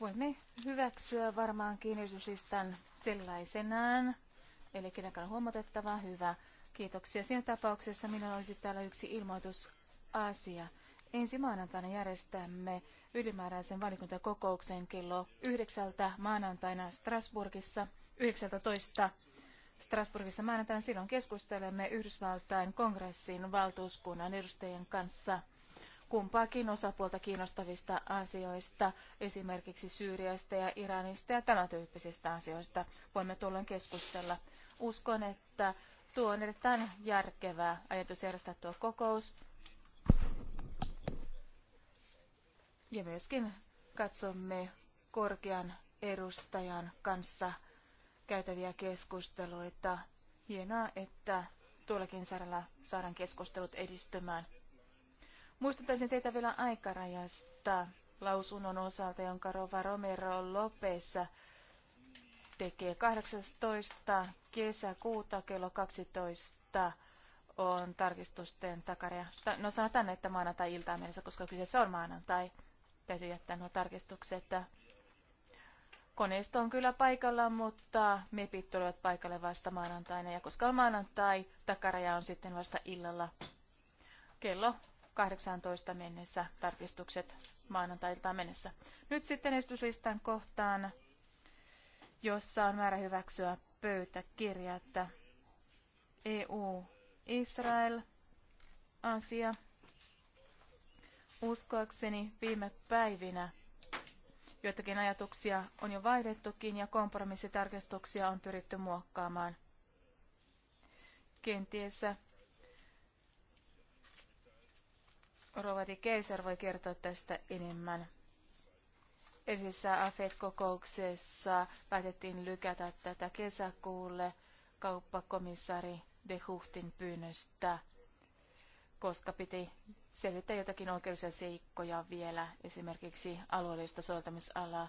Voimme hyväksyä varmaankin esityslistan sellaisenaan. Eli kenenkään huomatettava, hyvä. Kiitoksia. Siinä tapauksessa minulla olisi täällä yksi ilmoitusasia. Ensi maanantaina järjestämme ylimääräisen valikuntakokouksen kello yhdeksältä maanantaina Strasburgissa, 19. Strasburgissa maanantaina silloin keskustelemme Yhdysvaltain kongressin valtuuskunnan edustajien kanssa – kumpaakin osapuolta kiinnostavista asioista, esimerkiksi Syyriasta ja Iranista ja tämän tyyppisistä asioista voimme tuolloin keskustella. Uskon, että tuo on erittäin järkevää ajatus järjestää tuo kokous. Ja myöskin katsomme korkean edustajan kanssa käytäviä keskusteluita. Hienoa, että tuollakin saralla saadaan keskustelut edistymään. Muistuttaisin teitä vielä aikarajasta lausunnon osalta, jonka Rova Romero lopessa tekee 18. kesäkuuta kello 12 on tarkistusten takaraja. No sanotaan, että maanantai-iltaan mennessä, koska kyseessä on maanantai. Täytyy jättää nuo tarkistukset. Koneisto on kyllä paikalla, mutta mepit tulevat paikalle vasta maanantaina. Ja koska on maanantai, takaraja on sitten vasta illalla kello 18 mennessä tarkistukset maanantailtaan mennessä. Nyt sitten esityslistan kohtaan, jossa on määrä hyväksyä että EU-Israel asia. Uskoakseni viime päivinä joitakin ajatuksia on jo vaihdettukin ja kompromissitarkistuksia on pyritty muokkaamaan. Kenties Rovadi Keiser voi kertoa tästä enemmän. Ensissä AFET-kokouksessa päätettiin lykätä tätä kesäkuulle kauppakomissari de Huhtin pyynnöstä, koska piti selvittää jotakin oikeudellisia seikkoja vielä, esimerkiksi alueellista soveltamisalaa.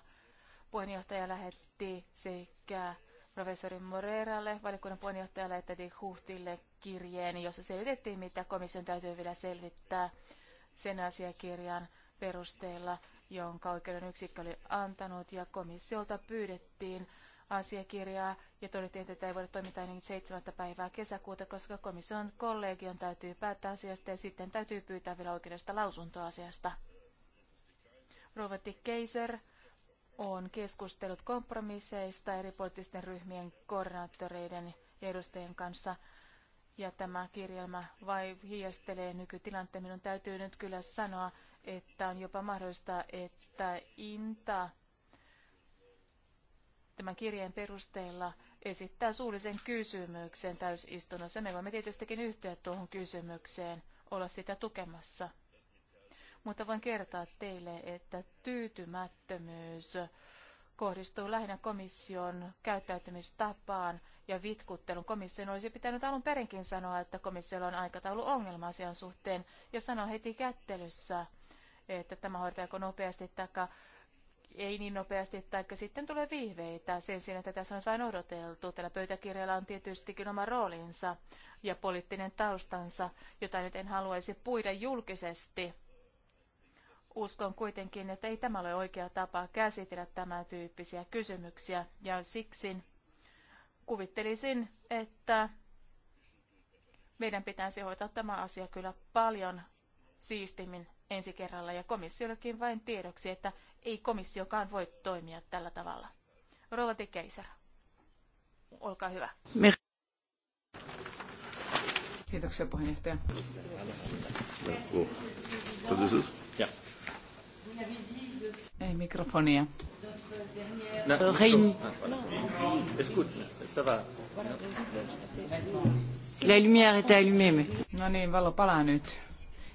Puheenjohtaja lähetti sekä professori Moreralle, valikunnan puheenjohtajalle, että de Huhtille kirjeen, jossa selvitettiin, mitä komission täytyy vielä selvittää sen asiakirjan perusteella, jonka oikeuden yksikkö oli antanut, ja komissiolta pyydettiin asiakirjaa ja todettiin, että tätä ei voida toimittaa ennen 7. päivää kesäkuuta, koska komission kollegion täytyy päättää asiasta ja sitten täytyy pyytää vielä oikeudesta lausuntoasiasta. asiasta. Rovatik Keiser on keskustellut kompromisseista eri poliittisten ryhmien koordinaattoreiden ja edustajien kanssa ja tämä kirjelmä vai hiestelee nykytilanteen. Minun täytyy nyt kyllä sanoa, että on jopa mahdollista, että Inta tämän kirjeen perusteella esittää suullisen kysymyksen täysistunnossa. Me voimme tietystikin yhtyä tuohon kysymykseen, olla sitä tukemassa. Mutta voin kertoa teille, että tyytymättömyys kohdistuu lähinnä komission käyttäytymistapaan – ja vitkuttelun. Komission olisi pitänyt alun perinkin sanoa, että komissiolla on ongelma asian suhteen ja sanoa heti kättelyssä, että tämä hoitajako nopeasti taikka ei niin nopeasti, taikka sitten tulee viiveitä sen sijaan, että tässä on vain odoteltu. Tällä pöytäkirjalla on tietystikin oma roolinsa ja poliittinen taustansa, jota nyt en haluaisi puida julkisesti. Uskon kuitenkin, että ei tämä ole oikea tapa käsitellä tämän tyyppisiä kysymyksiä, ja siksi Kuvittelisin, että meidän pitäisi hoitaa tämä asia kyllä paljon siistimmin ensi kerralla ja komissiollekin vain tiedoksi, että ei komissiokaan voi toimia tällä tavalla. Rolati Keiser, olkaa hyvä. Kiitoksia puheenjohtaja. Ei mikrofonia. Euh, réunion. Ah, La lumière est allumée. Mais... No niin, valo palaa nyt.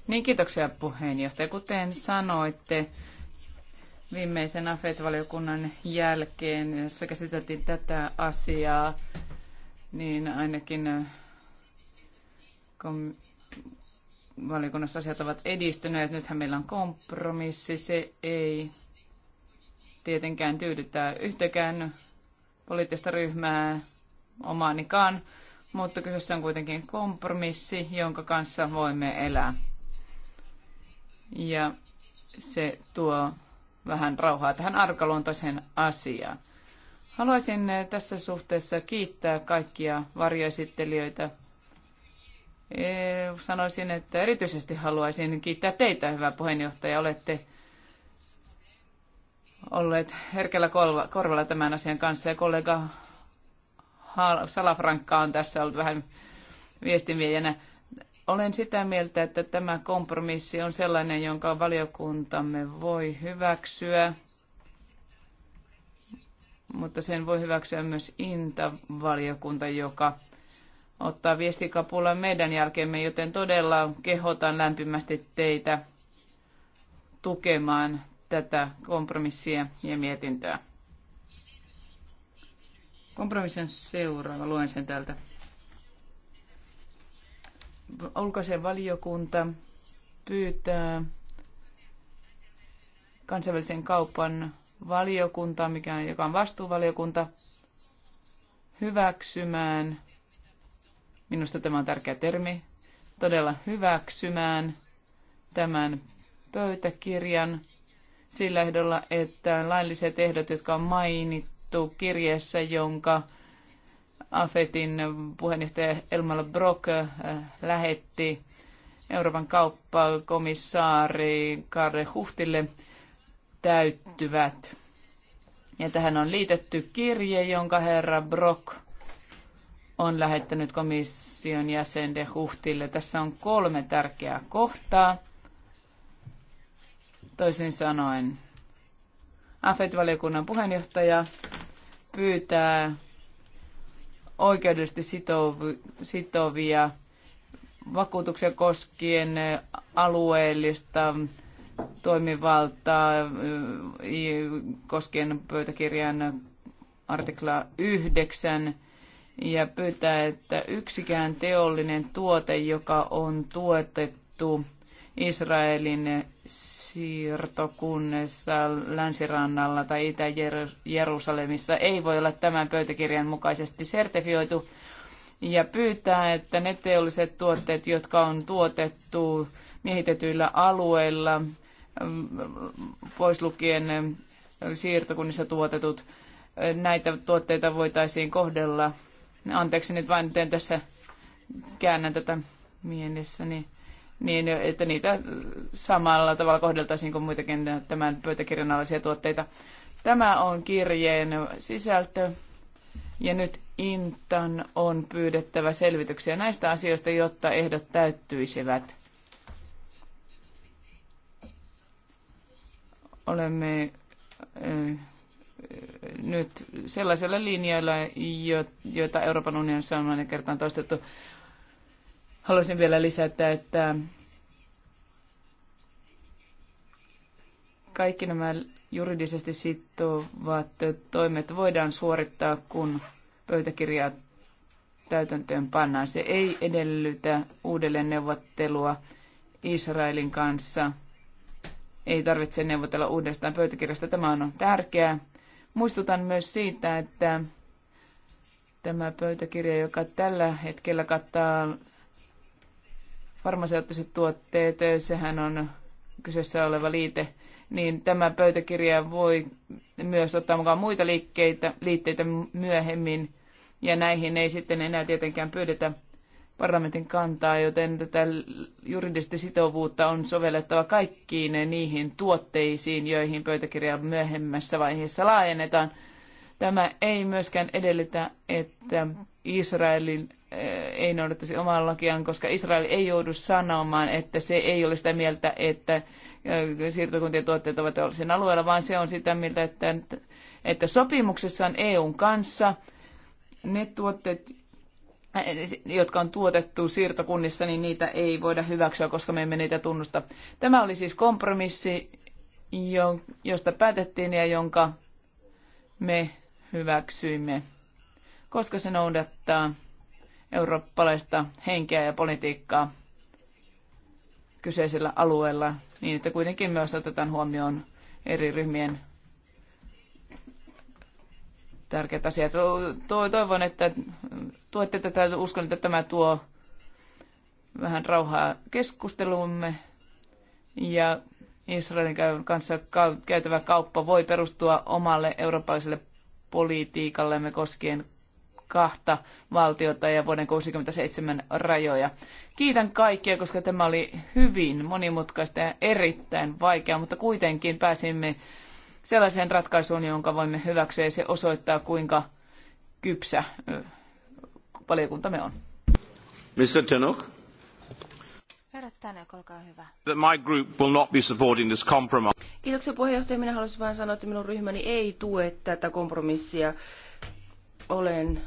Niin, kiitoksia puheenjohtaja. Kuten sanoitte, viimeisen AFET-valiokunnan jälkeen, jossa käsiteltiin tätä asiaa, niin ainakin äh, kun valiokunnassa asiat ovat edistyneet, nythän meillä on kompromissi, se ei tietenkään tyydyttää yhtäkään poliittista ryhmää omaanikaan, mutta kyseessä on kuitenkin kompromissi, jonka kanssa voimme elää. Ja se tuo vähän rauhaa tähän arkaluontoiseen asiaan. Haluaisin tässä suhteessa kiittää kaikkia varjoesittelijöitä. Sanoisin, että erityisesti haluaisin kiittää teitä, hyvä puheenjohtaja. Olette olleet herkällä korvalla tämän asian kanssa ja kollega Salafrankka on tässä ollut vähän viestimiehenä. Olen sitä mieltä, että tämä kompromissi on sellainen, jonka valiokuntamme voi hyväksyä, mutta sen voi hyväksyä myös Inta-valiokunta, joka ottaa viestikapulan meidän jälkeemme, joten todella kehotan lämpimästi teitä tukemaan tätä kompromissia ja mietintöä. Kompromissin seuraava, luen sen täältä. Ulkoisen valiokunta pyytää kansainvälisen kaupan valiokuntaa, mikä, joka on vastuuvaliokunta, hyväksymään, minusta tämä on tärkeä termi, todella hyväksymään tämän pöytäkirjan sillä ehdolla, että lailliset ehdot, jotka on mainittu kirjeessä, jonka AFETin puheenjohtaja Elmar Brock äh, lähetti Euroopan kauppakomissaari Karre Huhtille, täyttyvät. Ja tähän on liitetty kirje, jonka herra Brock on lähettänyt komission jäsen de Huhtille. Tässä on kolme tärkeää kohtaa. Toisin sanoen, AFET-valiokunnan puheenjohtaja pyytää oikeudellisesti sitovia vakuutuksia koskien alueellista toimivaltaa koskien pöytäkirjan artikla 9 ja pyytää, että yksikään teollinen tuote, joka on tuotettu Israelin siirto, länsirannalla tai Itä-Jerusalemissa ei voi olla tämän pöytäkirjan mukaisesti sertifioitu ja pyytää, että ne teolliset tuotteet, jotka on tuotettu miehitetyillä alueilla, pois lukien siirtokunnissa tuotetut, näitä tuotteita voitaisiin kohdella. Anteeksi nyt vain teen tässä, käännän tätä mielessäni. Niin niin että niitä samalla tavalla kohdeltaisiin kuin muitakin tämän pöytäkirjan alaisia tuotteita. Tämä on kirjeen sisältö ja nyt Intan on pyydettävä selvityksiä näistä asioista, jotta ehdot täyttyisivät. Olemme eh, nyt sellaisella linjoilla, joita Euroopan unionissa on monen kertaan toistettu. Haluaisin vielä lisätä, että kaikki nämä juridisesti sitovat toimet voidaan suorittaa, kun pöytäkirja täytäntöön pannaan. Se ei edellytä uudelleen neuvottelua Israelin kanssa. Ei tarvitse neuvotella uudestaan pöytäkirjasta. Tämä on tärkeää. Muistutan myös siitä, että tämä pöytäkirja, joka tällä hetkellä kattaa farmaseuttiset tuotteet, sehän on kyseessä oleva liite, niin tämä pöytäkirja voi myös ottaa mukaan muita liikkeitä, liitteitä myöhemmin, ja näihin ei sitten enää tietenkään pyydetä parlamentin kantaa, joten tätä juridista sitovuutta on sovellettava kaikkiin niihin tuotteisiin, joihin pöytäkirja myöhemmässä vaiheessa laajennetaan. Tämä ei myöskään edellytä, että Israelin eh, ei noudattaisi omaa lakiaan, koska Israel ei joudu sanomaan, että se ei ole sitä mieltä, että eh, siirtokuntien tuotteet ovat sen alueella, vaan se on sitä mieltä, että, että on EUn kanssa ne tuotteet, eh, jotka on tuotettu siirtokunnissa, niin niitä ei voida hyväksyä, koska me emme niitä tunnusta. Tämä oli siis kompromissi, josta päätettiin ja jonka me hyväksyimme koska se noudattaa eurooppalaista henkeä ja politiikkaa kyseisellä alueella, niin että kuitenkin myös otetaan huomioon eri ryhmien tärkeät asiat. Toivon, että tuette tätä. Uskon, että tämä tuo vähän rauhaa keskusteluumme. Ja Israelin kanssa käytävä kauppa voi perustua omalle eurooppalaiselle politiikallemme koskien kahta valtiota ja vuoden 67 rajoja. Kiitän kaikkia, koska tämä oli hyvin monimutkaista ja erittäin vaikeaa, mutta kuitenkin pääsimme sellaiseen ratkaisuun, jonka voimme hyväksyä ja se osoittaa, kuinka kypsä valiokuntamme on. Mr. Tenok. Herra olkaa hyvä. That my group will not be supporting this compromise. Kiitoksia puheenjohtaja. Minä haluaisin vain sanoa, että minun ryhmäni ei tue tätä kompromissia. Olen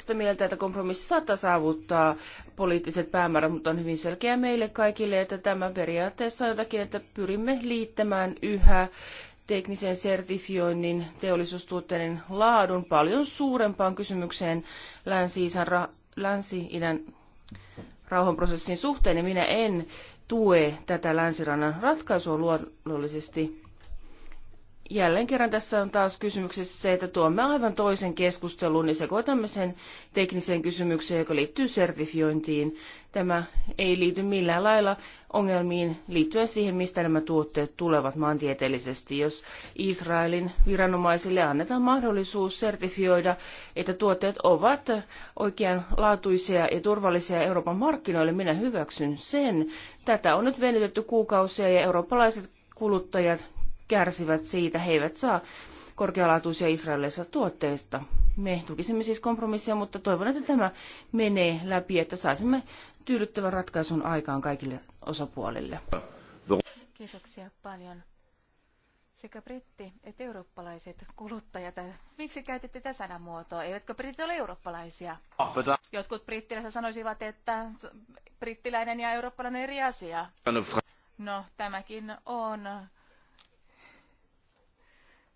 sitä mieltä, että kompromissi saattaa saavuttaa poliittiset päämäärät, mutta on hyvin selkeä meille kaikille, että tämä periaatteessa on jotakin, että pyrimme liittämään yhä teknisen sertifioinnin teollisuustuotteiden laadun paljon suurempaan kysymykseen Länsi-idän, ra- Länsi-idän rauhanprosessin suhteen, ja minä en tue tätä länsirannan ratkaisua luonnollisesti jälleen kerran tässä on taas kysymyksessä se, että tuomme aivan toisen keskustelun, ja niin sekoitamme sen tekniseen kysymykseen, joka liittyy sertifiointiin. Tämä ei liity millään lailla ongelmiin liittyen siihen, mistä nämä tuotteet tulevat maantieteellisesti. Jos Israelin viranomaisille annetaan mahdollisuus sertifioida, että tuotteet ovat oikeanlaatuisia ja turvallisia Euroopan markkinoille, minä hyväksyn sen. Tätä on nyt venytetty kuukausia ja eurooppalaiset kuluttajat kärsivät siitä, he eivät saa korkealaatuisia israelilaisista tuotteista. Me tukisimme siis kompromissia, mutta toivon, että tämä menee läpi, että saisimme tyydyttävän ratkaisun aikaan kaikille osapuolille. Kiitoksia paljon. Sekä britti että eurooppalaiset kuluttajat. Miksi käytitte tätä sanamuotoa? Eivätkö britit ole eurooppalaisia? Jotkut brittiläiset sanoisivat, että brittiläinen ja eurooppalainen eri asia. No, tämäkin on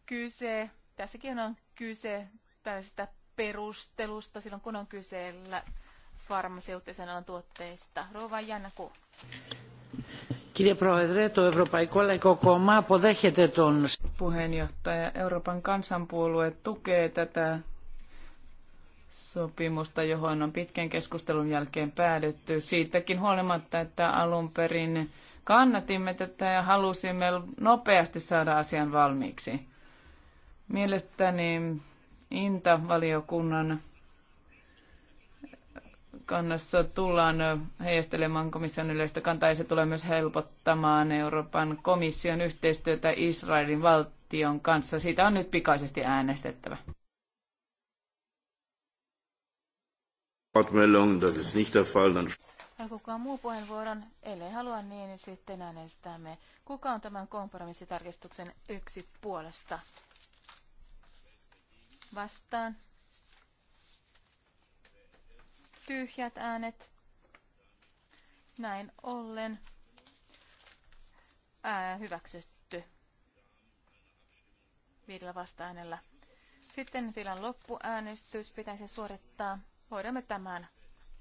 kyse, tässäkin on kyse tällaisesta perustelusta silloin, kun on kyseellä farmaseuttisen alan tuotteista. Rouva Janna Κύριε Kirja το Ευρωπαϊκό Λαϊκό Κόμμα αποδέχεται Puheenjohtaja, Euroopan kansanpuolue tukee tätä sopimusta, johon on pitkän keskustelun jälkeen päädytty. Siitäkin huolimatta, että alun perin kannatimme tätä ja halusimme nopeasti saada asian valmiiksi. Mielestäni Inta-valiokunnan kannassa tullaan heijastelemaan komission yleistä kantaa ja se tulee myös helpottamaan Euroopan komission yhteistyötä Israelin valtion kanssa. Siitä on nyt pikaisesti äänestettävä. Kuka Kukaan muu puheenvuoron, ellei halua niin, niin sitten äänestämme. Kuka on tämän kompromissitarkistuksen yksi puolesta? vastaan. Tyhjät äänet. Näin ollen ää, hyväksytty viidellä vasta-äänellä. Sitten vielä loppuäänestys pitäisi suorittaa. Hoidamme tämän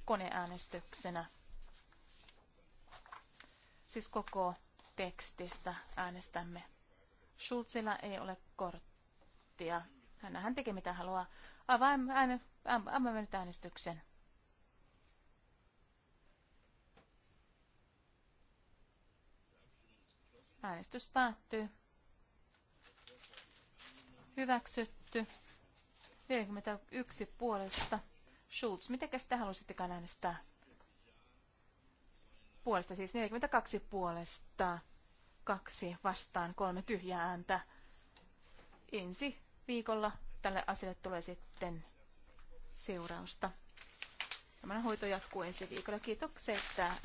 koneäänestyksenä. Siis koko tekstistä äänestämme. Schulzilla ei ole korttia. Hän tekee mitä haluaa. Avaamme ääne, nyt äänestyksen. Äänestys päättyy. Hyväksytty. 41 puolesta. Schultz, miten sitä halusittekaan äänestää? Puolesta siis 42 puolesta. Kaksi vastaan, kolme tyhjää ääntä. Ensi viikolla tälle asialle tulee sitten seurausta. Tämä hoito jatkuu ensi viikolla. Kiitokset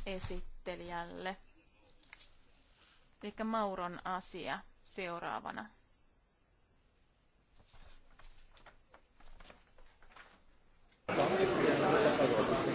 esittelijälle. Eli Mauron asia seuraavana. Thank you.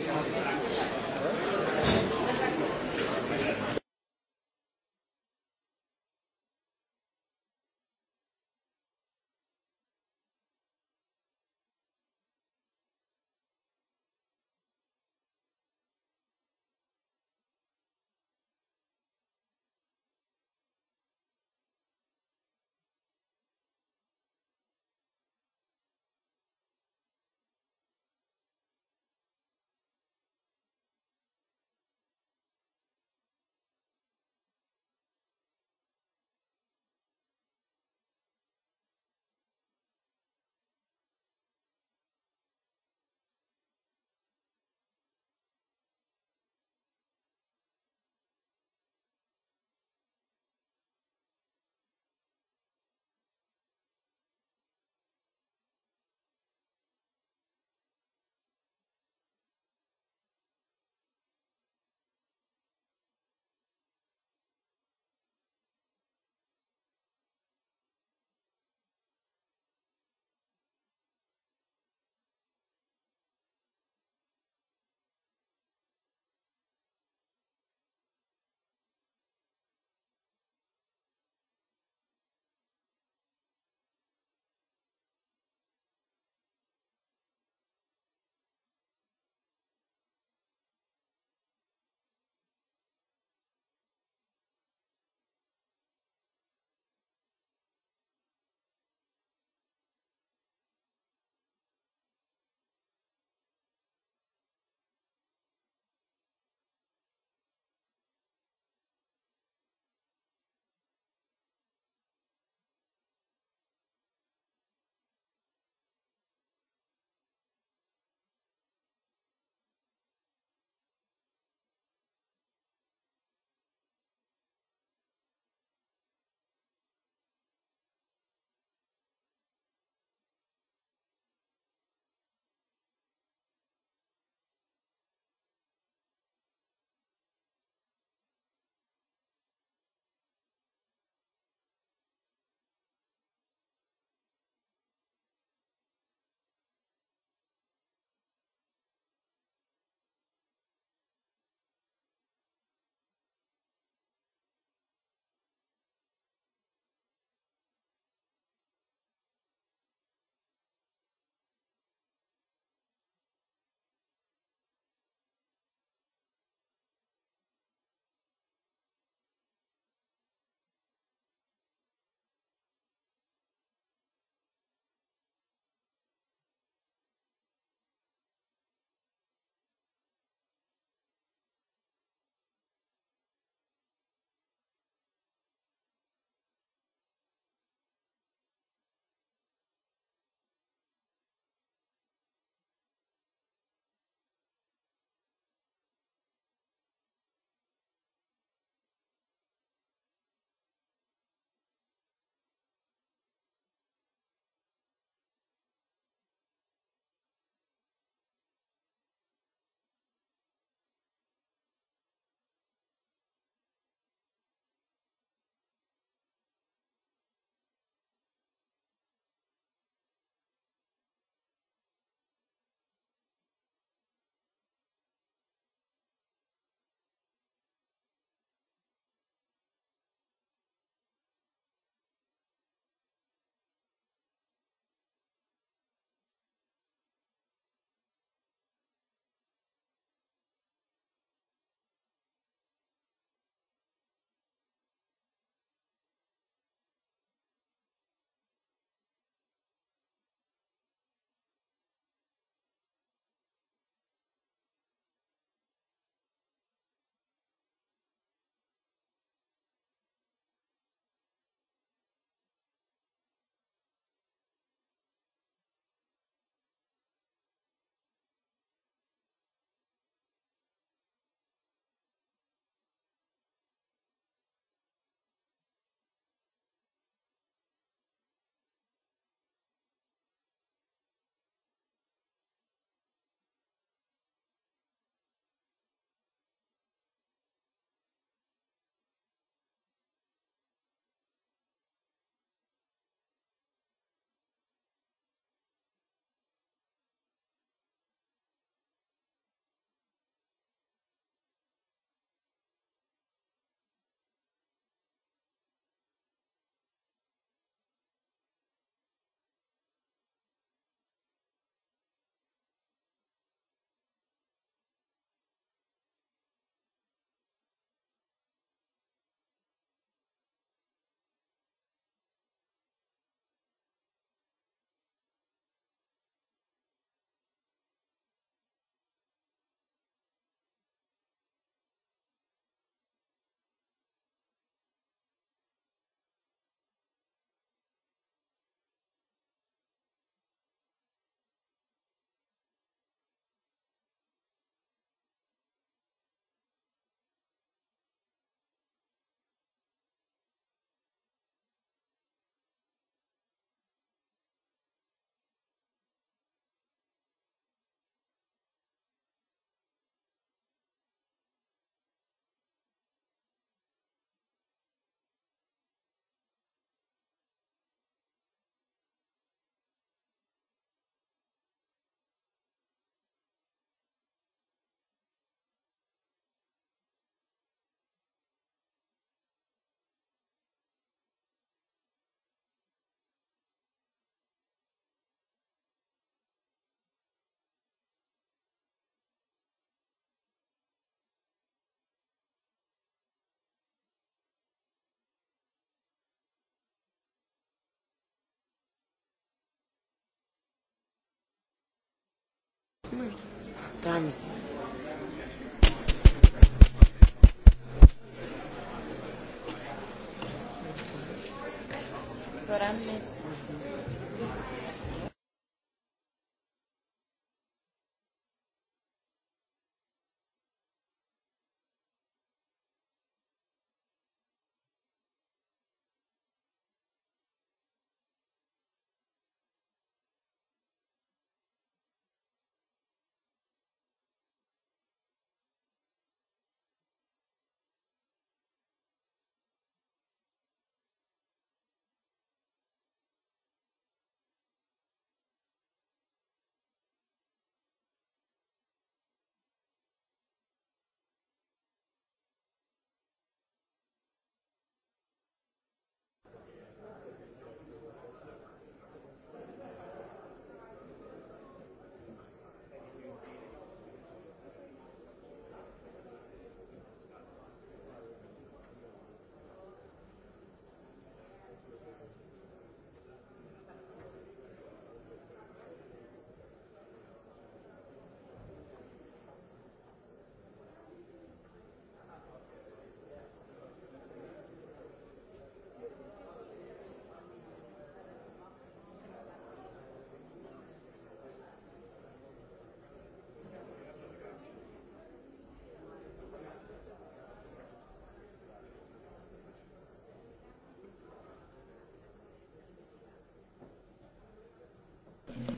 time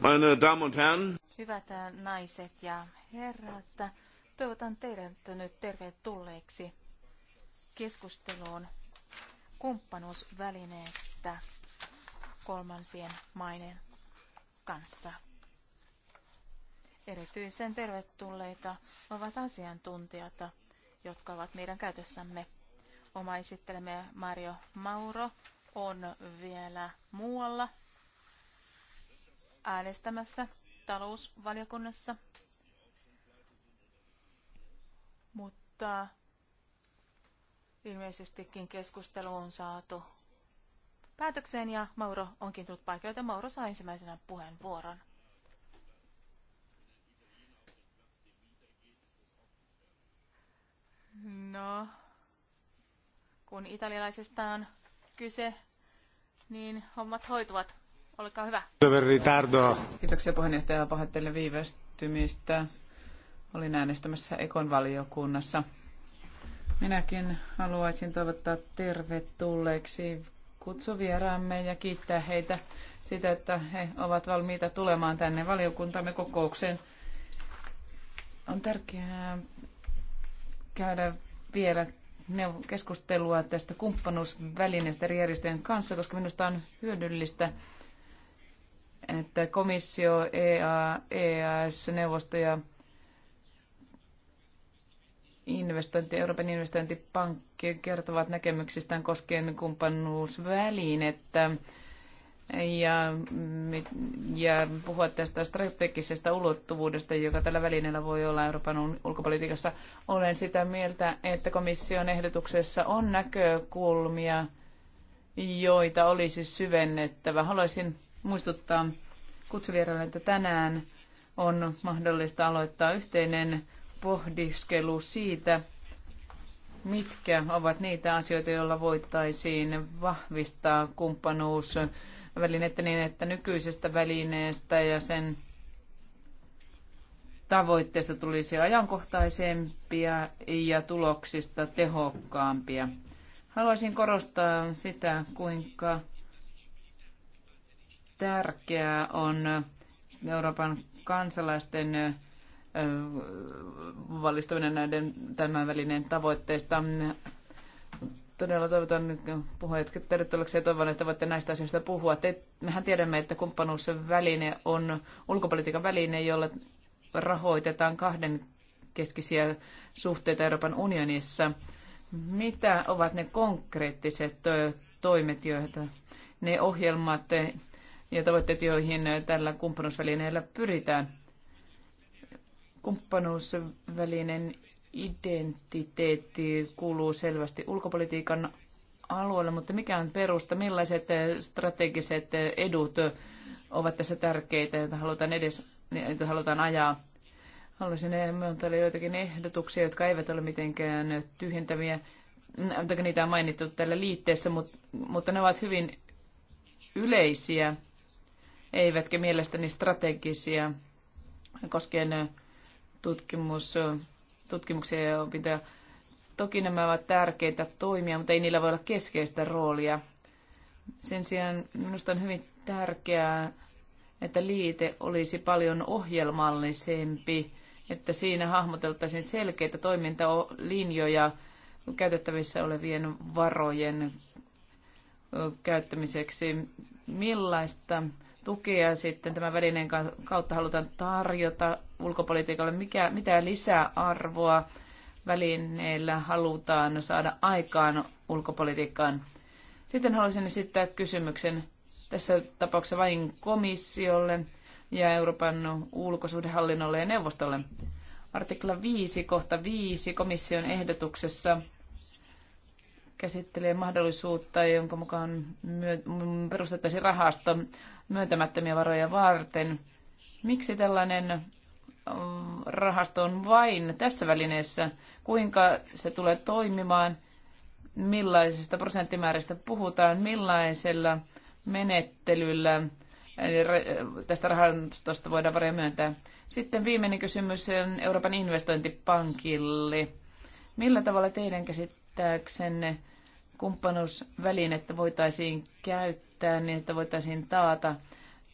Meine Damen und Herren. Hyvät äh, naiset ja herrat, toivotan teidät nyt tervetulleeksi keskusteluun kumppanuusvälineestä kolmansien maiden kanssa. Erityisen tervetulleita ovat asiantuntijat, jotka ovat meidän käytössämme. Oma esittelemme Mario Mauro on vielä muualla äänestämässä talousvaliokunnassa, mutta ilmeisestikin keskustelu on saatu päätökseen ja Mauro onkin tullut paikalle. Mauro saa ensimmäisenä puheenvuoron. No, kun italialaisesta on kyse, niin hommat hoituvat Olkaa hyvä. Kiitoksia puheenjohtaja. Pahoittelen viivästymistä. Olin äänestämässä Ekon valiokunnassa. Minäkin haluaisin toivottaa tervetulleeksi kutsuvieraamme ja kiittää heitä sitä, että he ovat valmiita tulemaan tänne valiokuntamme kokoukseen. On tärkeää käydä vielä keskustelua tästä kumppanuusvälineestä eri järjestöjen kanssa, koska minusta on hyödyllistä että komissio, EA, EAS, neuvosto ja investointi, Euroopan investointipankki kertovat näkemyksistään koskien kumppanuusvälinettä ja, ja puhua tästä strategisesta ulottuvuudesta, joka tällä välineellä voi olla Euroopan ulkopolitiikassa. Olen sitä mieltä, että komission ehdotuksessa on näkökulmia, joita olisi syvennettävä. Haluaisin muistuttaa kutsuvieraille, että tänään on mahdollista aloittaa yhteinen pohdiskelu siitä, mitkä ovat niitä asioita, joilla voitaisiin vahvistaa kumppanuusvälinettä niin, että nykyisestä välineestä ja sen tavoitteesta tulisi ajankohtaisempia ja tuloksista tehokkaampia. Haluaisin korostaa sitä, kuinka tärkeää on Euroopan kansalaisten valistuminen näiden tämän välineen tavoitteista. Todella toivotan puhujat tervetulleeksi ja toivon, että voitte näistä asioista puhua. Te, mehän tiedämme, että kumppanuusväline on ulkopolitiikan väline, jolla rahoitetaan kahden keskisiä suhteita Euroopan unionissa. Mitä ovat ne konkreettiset toimet, joita ne ohjelmat, ja tavoitteet, joihin tällä kumppanuusvälineellä pyritään. Kumppanuusvälinen identiteetti kuuluu selvästi ulkopolitiikan alueelle, mutta mikä on perusta, millaiset strategiset edut ovat tässä tärkeitä, joita halutaan, edes, joita halutaan ajaa. Haluaisin myöntää joitakin ehdotuksia, jotka eivät ole mitenkään tyhjentäviä, niitä on mainittu tällä liitteessä, mutta, mutta ne ovat hyvin yleisiä eivätkä mielestäni strategisia koskien tutkimus, tutkimuksia ja opintoja. Toki nämä ovat tärkeitä toimia, mutta ei niillä voi olla keskeistä roolia. Sen sijaan minusta on hyvin tärkeää, että liite olisi paljon ohjelmallisempi, että siinä hahmoteltaisiin selkeitä toimintalinjoja käytettävissä olevien varojen käyttämiseksi. Millaista tukea sitten tämän välineen kautta halutaan tarjota ulkopolitiikalle? Mikä, mitä lisäarvoa välineillä halutaan saada aikaan ulkopolitiikkaan? Sitten haluaisin esittää kysymyksen tässä tapauksessa vain komissiolle ja Euroopan ulkosuhdehallinnolle ja neuvostolle. Artikla 5, kohta 5 komission ehdotuksessa käsittelee mahdollisuutta, jonka mukaan myö- perustettaisiin rahasto myöntämättömiä varoja varten. Miksi tällainen rahasto on vain tässä välineessä? Kuinka se tulee toimimaan? Millaisista prosenttimääristä puhutaan? Millaisella menettelyllä tästä rahastosta voidaan varoja myöntää? Sitten viimeinen kysymys Euroopan investointipankille. Millä tavalla teidän käsit käsittääksenne kumppanuusvälinettä voitaisiin käyttää niin, että voitaisiin taata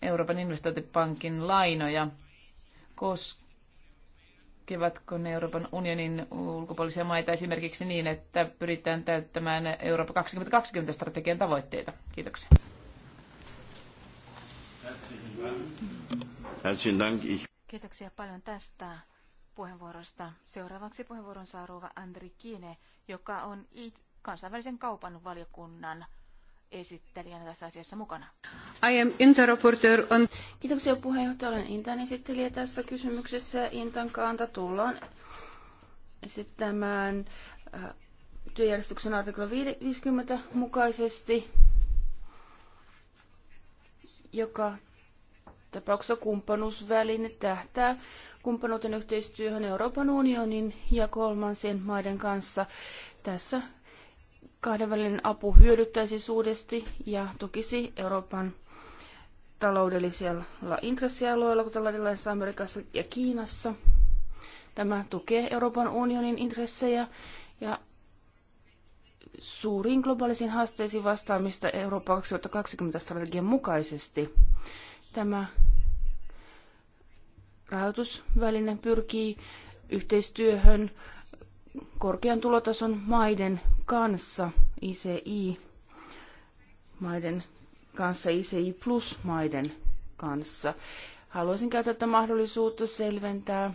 Euroopan investointipankin lainoja. Koskevatko ne Euroopan unionin ulkopuolisia maita esimerkiksi niin, että pyritään täyttämään Euroopan 2020-strategian tavoitteita? Kiitoksia. Kiitoksia paljon tästä puheenvuorosta. Seuraavaksi puheenvuoron saa Ruova Andri Kine joka on kansainvälisen kaupan valiokunnan esittelijänä tässä asiassa mukana. I am interreporter on... Kiitoksia puheenjohtaja. Olen Intan esittelijä tässä kysymyksessä. Intan kanta tullaan esittämään äh, työjärjestyksen artikla 50 mukaisesti, joka tapauksessa kumppanuusväline tähtää kumppanuuden yhteistyöhön Euroopan unionin ja kolmansien maiden kanssa. Tässä kahdenvälinen apu hyödyttäisi suuresti ja tukisi Euroopan taloudellisella intressialueella, kuten Latinalaisessa Amerikassa ja Kiinassa. Tämä tukee Euroopan unionin intressejä ja suuriin globaalisiin haasteisiin vastaamista Eurooppa 2020 strategian mukaisesti. Tämä rahoitusväline pyrkii yhteistyöhön korkean tulotason maiden kanssa, ICI-maiden kanssa, ICI plus-maiden kanssa. Haluaisin käyttää tätä mahdollisuutta selventää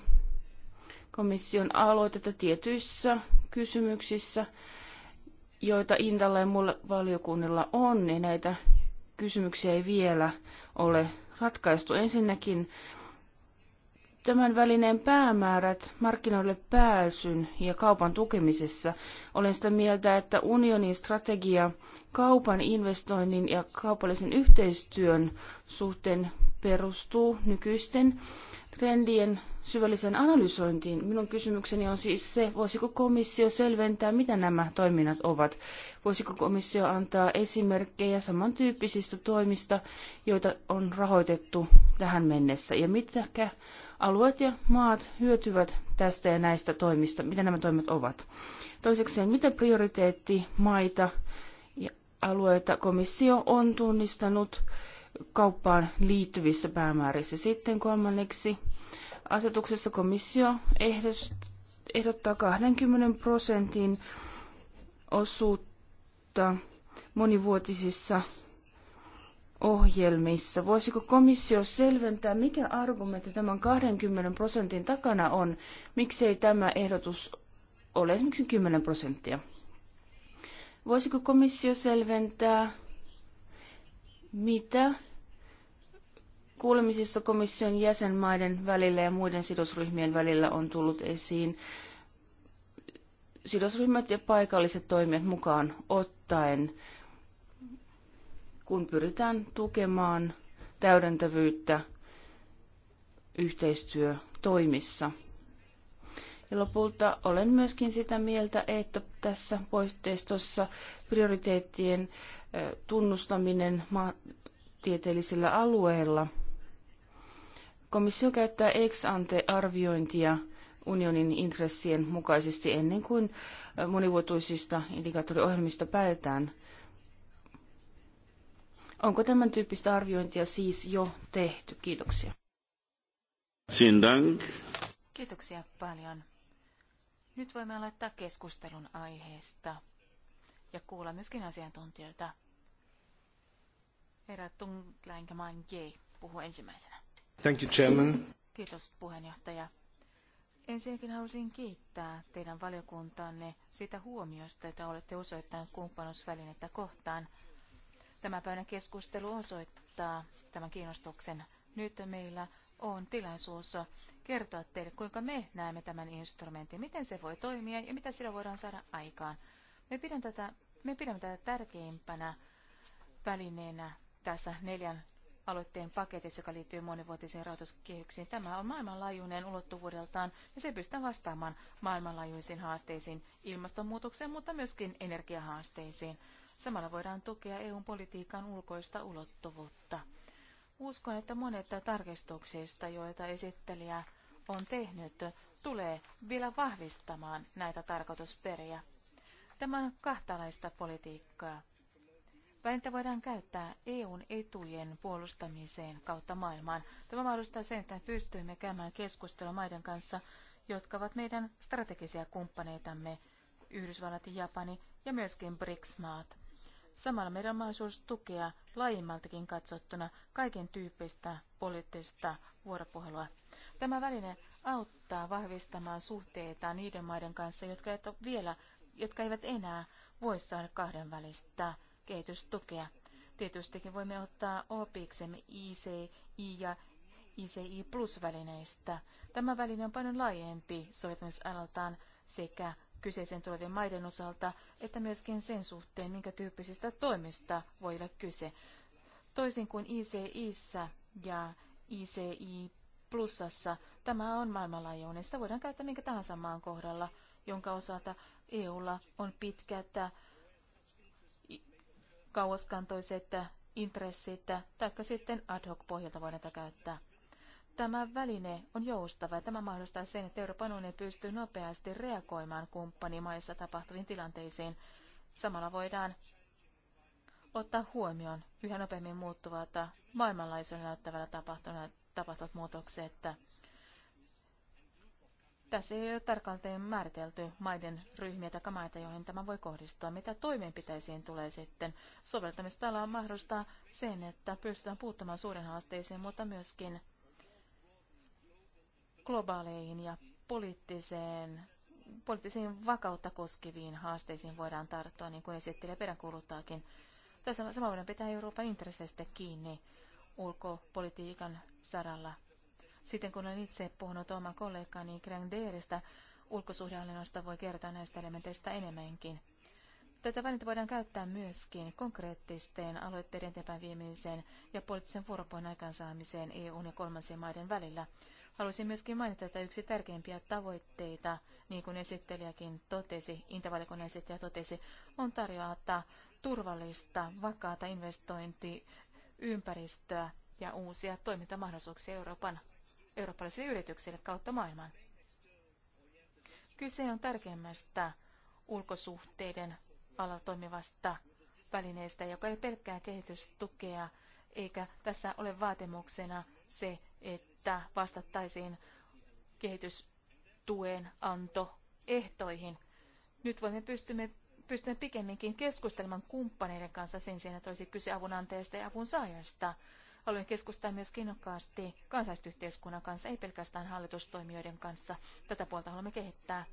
komission aloitetta tietyissä kysymyksissä, joita Intalla ja muilla valiokunnilla on, niin näitä kysymyksiä ei vielä ole ratkaistu. Ensinnäkin tämän välineen päämäärät markkinoille pääsyn ja kaupan tukemisessa. Olen sitä mieltä, että unionin strategia kaupan, investoinnin ja kaupallisen yhteistyön suhteen perustuu nykyisten trendien syvälliseen analysointiin. Minun kysymykseni on siis se, voisiko komissio selventää, mitä nämä toiminnat ovat. Voisiko komissio antaa esimerkkejä samantyyppisistä toimista, joita on rahoitettu tähän mennessä, ja mitkä alueet ja maat hyötyvät tästä ja näistä toimista, mitä nämä toimet ovat. Toisekseen, mitä maita ja alueita komissio on tunnistanut, kauppaan liittyvissä päämäärissä. Sitten kolmanneksi asetuksessa komissio ehdottaa 20 prosentin osuutta monivuotisissa ohjelmissa. Voisiko komissio selventää, mikä argumentti tämän 20 prosentin takana on? Miksei tämä ehdotus ole esimerkiksi 10 prosenttia? Voisiko komissio selventää, mitä kuulemisissa komission jäsenmaiden välillä ja muiden sidosryhmien välillä on tullut esiin sidosryhmät ja paikalliset toimijat mukaan ottaen, kun pyritään tukemaan täydentävyyttä yhteistyötoimissa. Ja lopulta olen myöskin sitä mieltä, että tässä poitteistossa prioriteettien tunnustaminen maantieteellisillä alueilla. Komissio käyttää ex ante arviointia unionin intressien mukaisesti ennen kuin monivuotuisista indikaattoriohjelmista päätetään. Onko tämän tyyppistä arviointia siis jo tehty? Kiitoksia. Kiitoksia paljon. Nyt voimme aloittaa keskustelun aiheesta ja kuulla myöskin asiantuntijoita. Herra Tunglänkemaan J. puhuu ensimmäisenä. Thank you, Chairman. Kiitos puheenjohtaja. Ensinnäkin haluaisin kiittää teidän valiokuntaanne sitä huomiosta, että olette osoittaneet kumppanuusvälinettä kohtaan. Tämä päivän keskustelu osoittaa tämän kiinnostuksen. Nyt meillä on tilaisuus kertoa teille, kuinka me näemme tämän instrumentin, miten se voi toimia ja mitä sillä voidaan saada aikaan. Me, pidämme tätä, me pidämme tätä tärkeimpänä välineenä tässä neljän aloitteen paketissa, joka liittyy monivuotisiin rahoituskehyksiin. Tämä on maailmanlaajuinen ulottuvuudeltaan ja se pystyy vastaamaan maailmanlaajuisiin haasteisiin, ilmastonmuutokseen, mutta myöskin energiahaasteisiin. Samalla voidaan tukea EUn politiikan ulkoista ulottuvuutta. Uskon, että monet tarkistuksista, joita esittelijä on tehnyt, tulee vielä vahvistamaan näitä tarkoitusperiä. Tämä on kahtalaista politiikkaa. Välintä voidaan käyttää EUn etujen puolustamiseen kautta maailmaan. Tämä mahdollistaa sen, että pystymme käymään keskustelua maiden kanssa, jotka ovat meidän strategisia kumppaneitamme, Yhdysvallat ja Japani ja myöskin BRICS-maat. Samalla meidän on mahdollisuus tukea laajemmaltakin katsottuna kaiken tyyppistä poliittista vuoropuhelua. Tämä väline auttaa vahvistamaan suhteita niiden maiden kanssa, jotka eivät ole vielä jotka eivät enää voi saada kahdenvälistä kehitystukea. Tietystikin voimme ottaa opiksemme ICI ja ICI Plus-välineistä. Tämä väline on paljon laajempi soveltamisalaltaan sekä kyseisen tulevien maiden osalta, että myöskin sen suhteen, minkä tyyppisistä toimista voi olla kyse. Toisin kuin ICIssä ja ICI Plusassa, tämä on maailmanlaajuinen. Sitä voidaan käyttää minkä tahansa maan kohdalla, jonka osalta EUlla on pitkät äh, kauaskantoiset äh, intressit, äh, taikka sitten ad hoc pohjalta voidaan tätä käyttää. Tämä väline on joustava ja tämä mahdollistaa sen, että Euroopan unioni pystyy nopeasti reagoimaan kumppanimaissa tapahtuviin tilanteisiin. Samalla voidaan ottaa huomioon yhä nopeammin muuttuvat maailmanlaajuisena näyttävällä tapahtuvat muutokset. Tässä ei ole tarkalleen määritelty maiden ryhmiä tai maita, joihin tämä voi kohdistua. Mitä toimenpiteisiin tulee sitten? Soveltamistala mahdollistaa sen, että pystytään puuttumaan suuren haasteisiin, mutta myöskin globaaleihin ja poliittiseen, poliittisiin vakautta koskeviin haasteisiin voidaan tarttua, niin kuin esittelee peräänkuuluttaakin. Tässä samalla pitää Euroopan intresseistä kiinni ulkopolitiikan saralla sitten kun olen itse puhunut oma kollegani Grandeerista, ulkosuhdehallinnosta voi kertoa näistä elementeistä enemmänkin. Tätä välintä voidaan käyttää myöskin konkreettisten aloitteiden eteenpäin ja poliittisen vuoropuheen aikaansaamiseen EUn ja kolmansien maiden välillä. Haluaisin myöskin mainita, että yksi tärkeimpiä tavoitteita, niin kuin esittelijäkin totesi, Intavalikunnan esittäjä totesi, on tarjota turvallista, vakaata investointiympäristöä ja uusia toimintamahdollisuuksia Euroopan eurooppalaisille yrityksille kautta maailman. Kyse on tärkeimmästä ulkosuhteiden alalla toimivasta välineestä, joka ei pelkkää kehitystukea, eikä tässä ole vaatimuksena se, että vastattaisiin kehitystuen antoehtoihin. Nyt voimme pystymme, pystymme pikemminkin keskustelemaan kumppaneiden kanssa sen sijaan, että olisi kyse avunantajasta ja avun saajasta. Haluan keskustella myös kiinnokkaasti kansaisyhteiskunnan kanssa, ei pelkästään hallitustoimijoiden kanssa. Tätä puolta haluamme kehittää.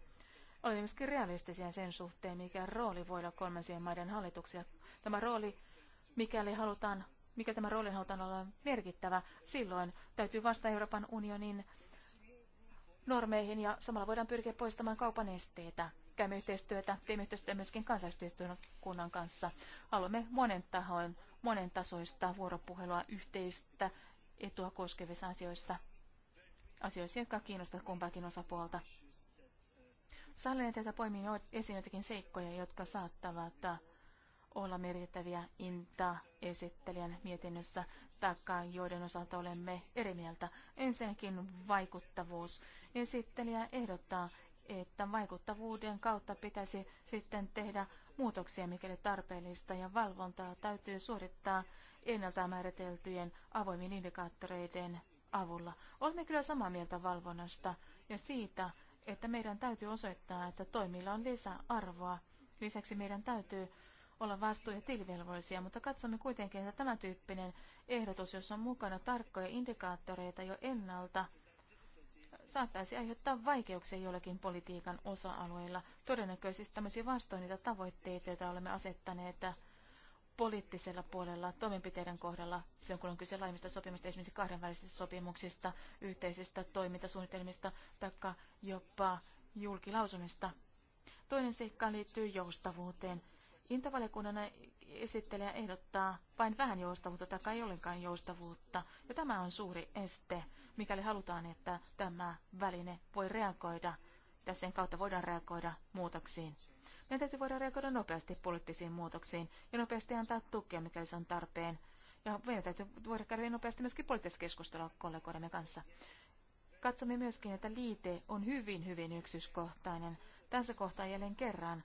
Olemme myöskin realistisia sen suhteen, mikä rooli voi olla kolmansien maiden hallituksia. Tämä rooli, mikäli halutaan, mikä tämä rooli halutaan olla merkittävä, silloin täytyy vastata Euroopan unionin normeihin ja samalla voidaan pyrkiä poistamaan kaupan esteitä käymme yhteistyötä, teemme yhteistyötä myöskin kansainvälisyhteistyökunnan kanssa. Haluamme monen tahoin, monen tasoista vuoropuhelua yhteistä etua koskevissa asioissa, asioissa, jotka kiinnostavat kumpaakin osapuolta. Sallinen tätä poimii esiin jotakin seikkoja, jotka saattavat olla merkittäviä INTA-esittelijän mietinnössä, taikka joiden osalta olemme eri mieltä. Ensinnäkin vaikuttavuus. Esittelijä ehdottaa, että vaikuttavuuden kautta pitäisi sitten tehdä muutoksia, mikäli tarpeellista, ja valvontaa täytyy suorittaa ennalta määriteltyjen avoimien indikaattoreiden avulla. Olemme kyllä samaa mieltä valvonnasta ja siitä, että meidän täytyy osoittaa, että toimilla on lisäarvoa. Lisäksi meidän täytyy olla vastuu- ja tilivelvollisia, mutta katsomme kuitenkin, että tämä tyyppinen ehdotus, jossa on mukana tarkkoja indikaattoreita jo ennalta, saattaisi aiheuttaa vaikeuksia joillakin politiikan osa-alueilla. Todennäköisesti tämmöisiä vastoin niitä tavoitteita, joita olemme asettaneet poliittisella puolella toimenpiteiden kohdalla, silloin kun on kyse laajemmista sopimuksista, esimerkiksi kahdenvälisistä sopimuksista, yhteisistä toimintasuunnitelmista tai jopa julkilausumista. Toinen seikka liittyy joustavuuteen. Intavaliokunnan esittelijä ehdottaa vain vähän joustavuutta tai ei ollenkaan joustavuutta. Ja tämä on suuri este, mikäli halutaan, että tämä väline voi reagoida ja sen kautta voidaan reagoida muutoksiin. Meidän täytyy voida reagoida nopeasti poliittisiin muutoksiin ja nopeasti antaa tukea, mikäli se on tarpeen. Ja meidän täytyy voida käydä nopeasti myöskin poliittista keskustelua kollegoidemme kanssa. Katsomme myöskin, että liite on hyvin, hyvin yksityiskohtainen. Tässä kohtaa jälleen kerran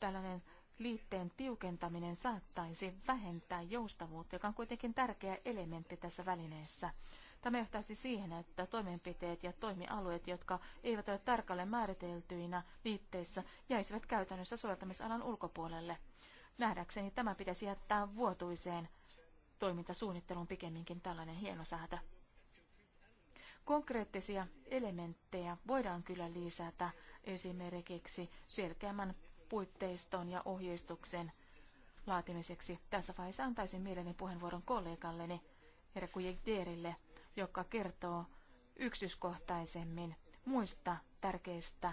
tällainen liitteen tiukentaminen saattaisi vähentää joustavuutta, joka on kuitenkin tärkeä elementti tässä välineessä. Tämä johtaisi siihen, että toimenpiteet ja toimialueet, jotka eivät ole tarkalleen määriteltyinä liitteissä, jäisivät käytännössä soveltamisalan ulkopuolelle. Nähdäkseni tämä pitäisi jättää vuotuiseen toimintasuunnitteluun pikemminkin tällainen hieno säätö. Konkreettisia elementtejä voidaan kyllä lisätä esimerkiksi selkeämmän puitteiston ja ohjeistuksen laatimiseksi. Tässä vaiheessa antaisin mieleni puheenvuoron kollegalleni Erkku Jekderille, joka kertoo yksityiskohtaisemmin muista tärkeistä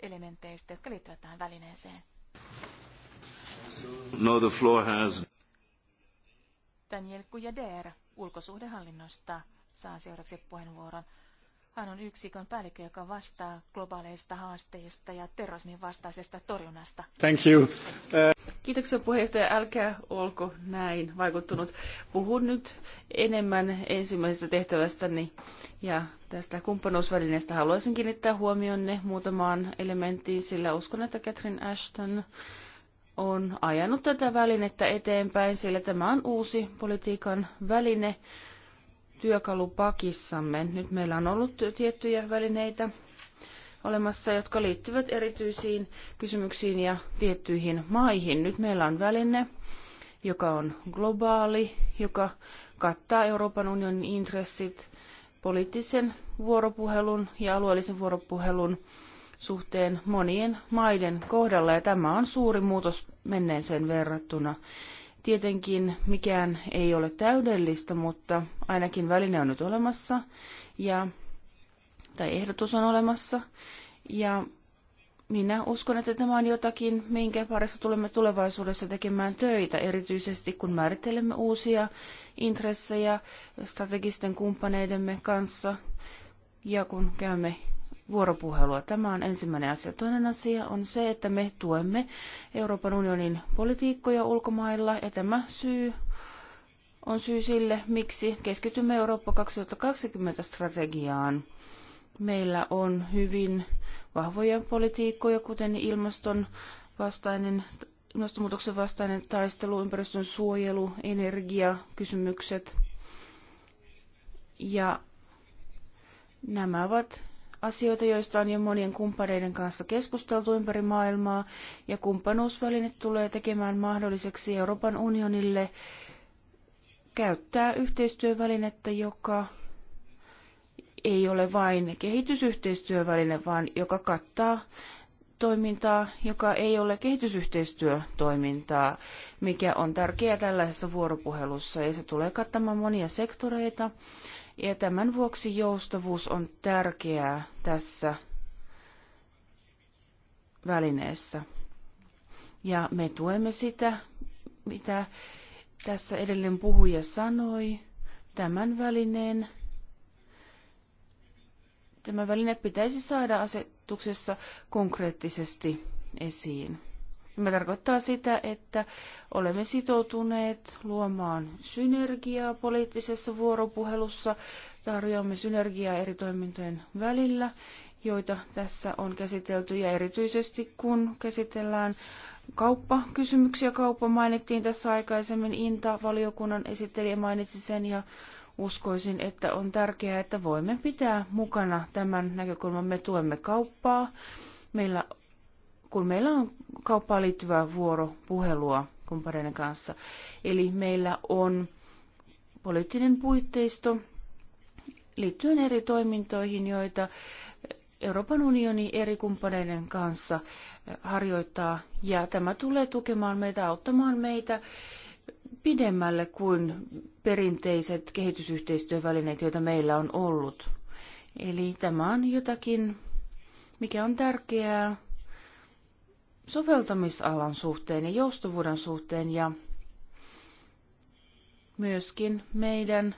elementeistä, jotka liittyvät tähän välineeseen. No, the floor has... Daniel Kujader ulkosuhdehallinnosta saa seuraavaksi puheenvuoron. Hän on yksikön päällikkö, joka vastaa globaaleista haasteista ja terrorismin vastaisesta torjunnasta. Thank you. Uh... Kiitoksia puheenjohtaja. Älkää olko näin vaikuttunut. Puhun nyt enemmän ensimmäisestä tehtävästäni ja tästä kumppanuusvälineestä haluaisin kiinnittää huomionne muutamaan elementtiin, sillä uskon, että Catherine Ashton on ajanut tätä välinettä eteenpäin, sillä tämä on uusi politiikan väline, työkalupakissamme. Nyt meillä on ollut tiettyjä välineitä olemassa, jotka liittyvät erityisiin kysymyksiin ja tiettyihin maihin. Nyt meillä on väline, joka on globaali, joka kattaa Euroopan unionin intressit poliittisen vuoropuhelun ja alueellisen vuoropuhelun suhteen monien maiden kohdalla, ja tämä on suuri muutos menneeseen verrattuna. Tietenkin mikään ei ole täydellistä, mutta ainakin väline on nyt olemassa ja, tai ehdotus on olemassa. Ja minä uskon, että tämä on jotakin, minkä parissa tulemme tulevaisuudessa tekemään töitä, erityisesti kun määrittelemme uusia intressejä strategisten kumppaneidemme kanssa ja kun käymme vuoropuhelua. Tämä on ensimmäinen asia. Toinen asia on se, että me tuemme Euroopan unionin politiikkoja ulkomailla ja tämä syy on syy sille, miksi keskitymme Eurooppa 2020 strategiaan. Meillä on hyvin vahvoja politiikkoja, kuten ilmaston vastainen, ilmastonmuutoksen vastainen taistelu, ympäristön suojelu, energia, kysymykset. Ja nämä ovat asioita, joista on jo monien kumppaneiden kanssa keskusteltu ympäri maailmaa, ja kumppanuusväline tulee tekemään mahdolliseksi Euroopan unionille käyttää yhteistyövälinettä, joka ei ole vain kehitysyhteistyöväline, vaan joka kattaa toimintaa, joka ei ole kehitysyhteistyötoimintaa, mikä on tärkeää tällaisessa vuoropuhelussa, ja se tulee kattamaan monia sektoreita. Ja tämän vuoksi joustavuus on tärkeää tässä välineessä. Ja me tuemme sitä, mitä tässä edellinen puhuja sanoi, tämän välineen. Tämä väline pitäisi saada asetuksessa konkreettisesti esiin. Tämä tarkoittaa sitä, että olemme sitoutuneet luomaan synergiaa poliittisessa vuoropuhelussa, tarjoamme synergiaa eri toimintojen välillä, joita tässä on käsitelty ja erityisesti kun käsitellään kauppakysymyksiä. Kauppa mainittiin tässä aikaisemmin, Inta-valiokunnan esittelijä mainitsi sen ja uskoisin, että on tärkeää, että voimme pitää mukana tämän näkökulman. Me tuemme kauppaa. Meillä kun meillä on kauppaan liittyvää vuoropuhelua kumppaneiden kanssa. Eli meillä on poliittinen puitteisto liittyen eri toimintoihin, joita Euroopan unioni eri kumppaneiden kanssa harjoittaa, ja tämä tulee tukemaan meitä, auttamaan meitä pidemmälle kuin perinteiset kehitysyhteistyövälineet, joita meillä on ollut. Eli tämä on jotakin, mikä on tärkeää soveltamisalan suhteen ja joustavuuden suhteen ja myöskin meidän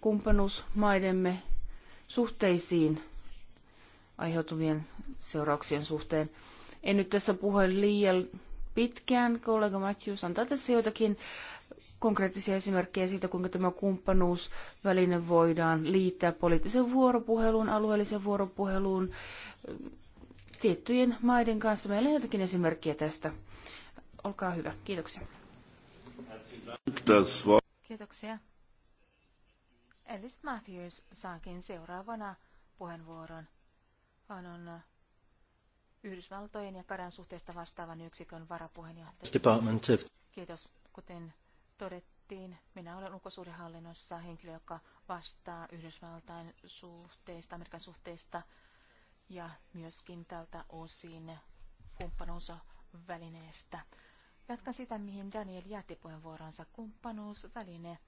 kumppanuusmaidemme suhteisiin aiheutuvien seurauksien suhteen. En nyt tässä puhe liian pitkään. Kollega Matthews antaa tässä joitakin konkreettisia esimerkkejä siitä, kuinka tämä kumppanuusväline voidaan liittää poliittisen vuoropuheluun, alueelliseen vuoropuheluun, tiettyjen maiden kanssa. Meillä on jotakin esimerkkiä tästä. Olkaa hyvä. Kiitoksia. Kiitoksia. Ellis Matthews saakin seuraavana puheenvuoron. Hän on äh, Yhdysvaltojen ja Kadan suhteesta vastaavan yksikön varapuheenjohtaja. Department of... Kiitos. Kuten todettiin, minä olen ulkosuhdehallinnossa henkilö, joka vastaa Yhdysvaltain suhteista, Amerikan suhteista ja myöskin tältä osin kumppanuusvälineestä. Jatkan sitä, mihin Daniel jätti puheenvuoronsa. Kumppanuusväline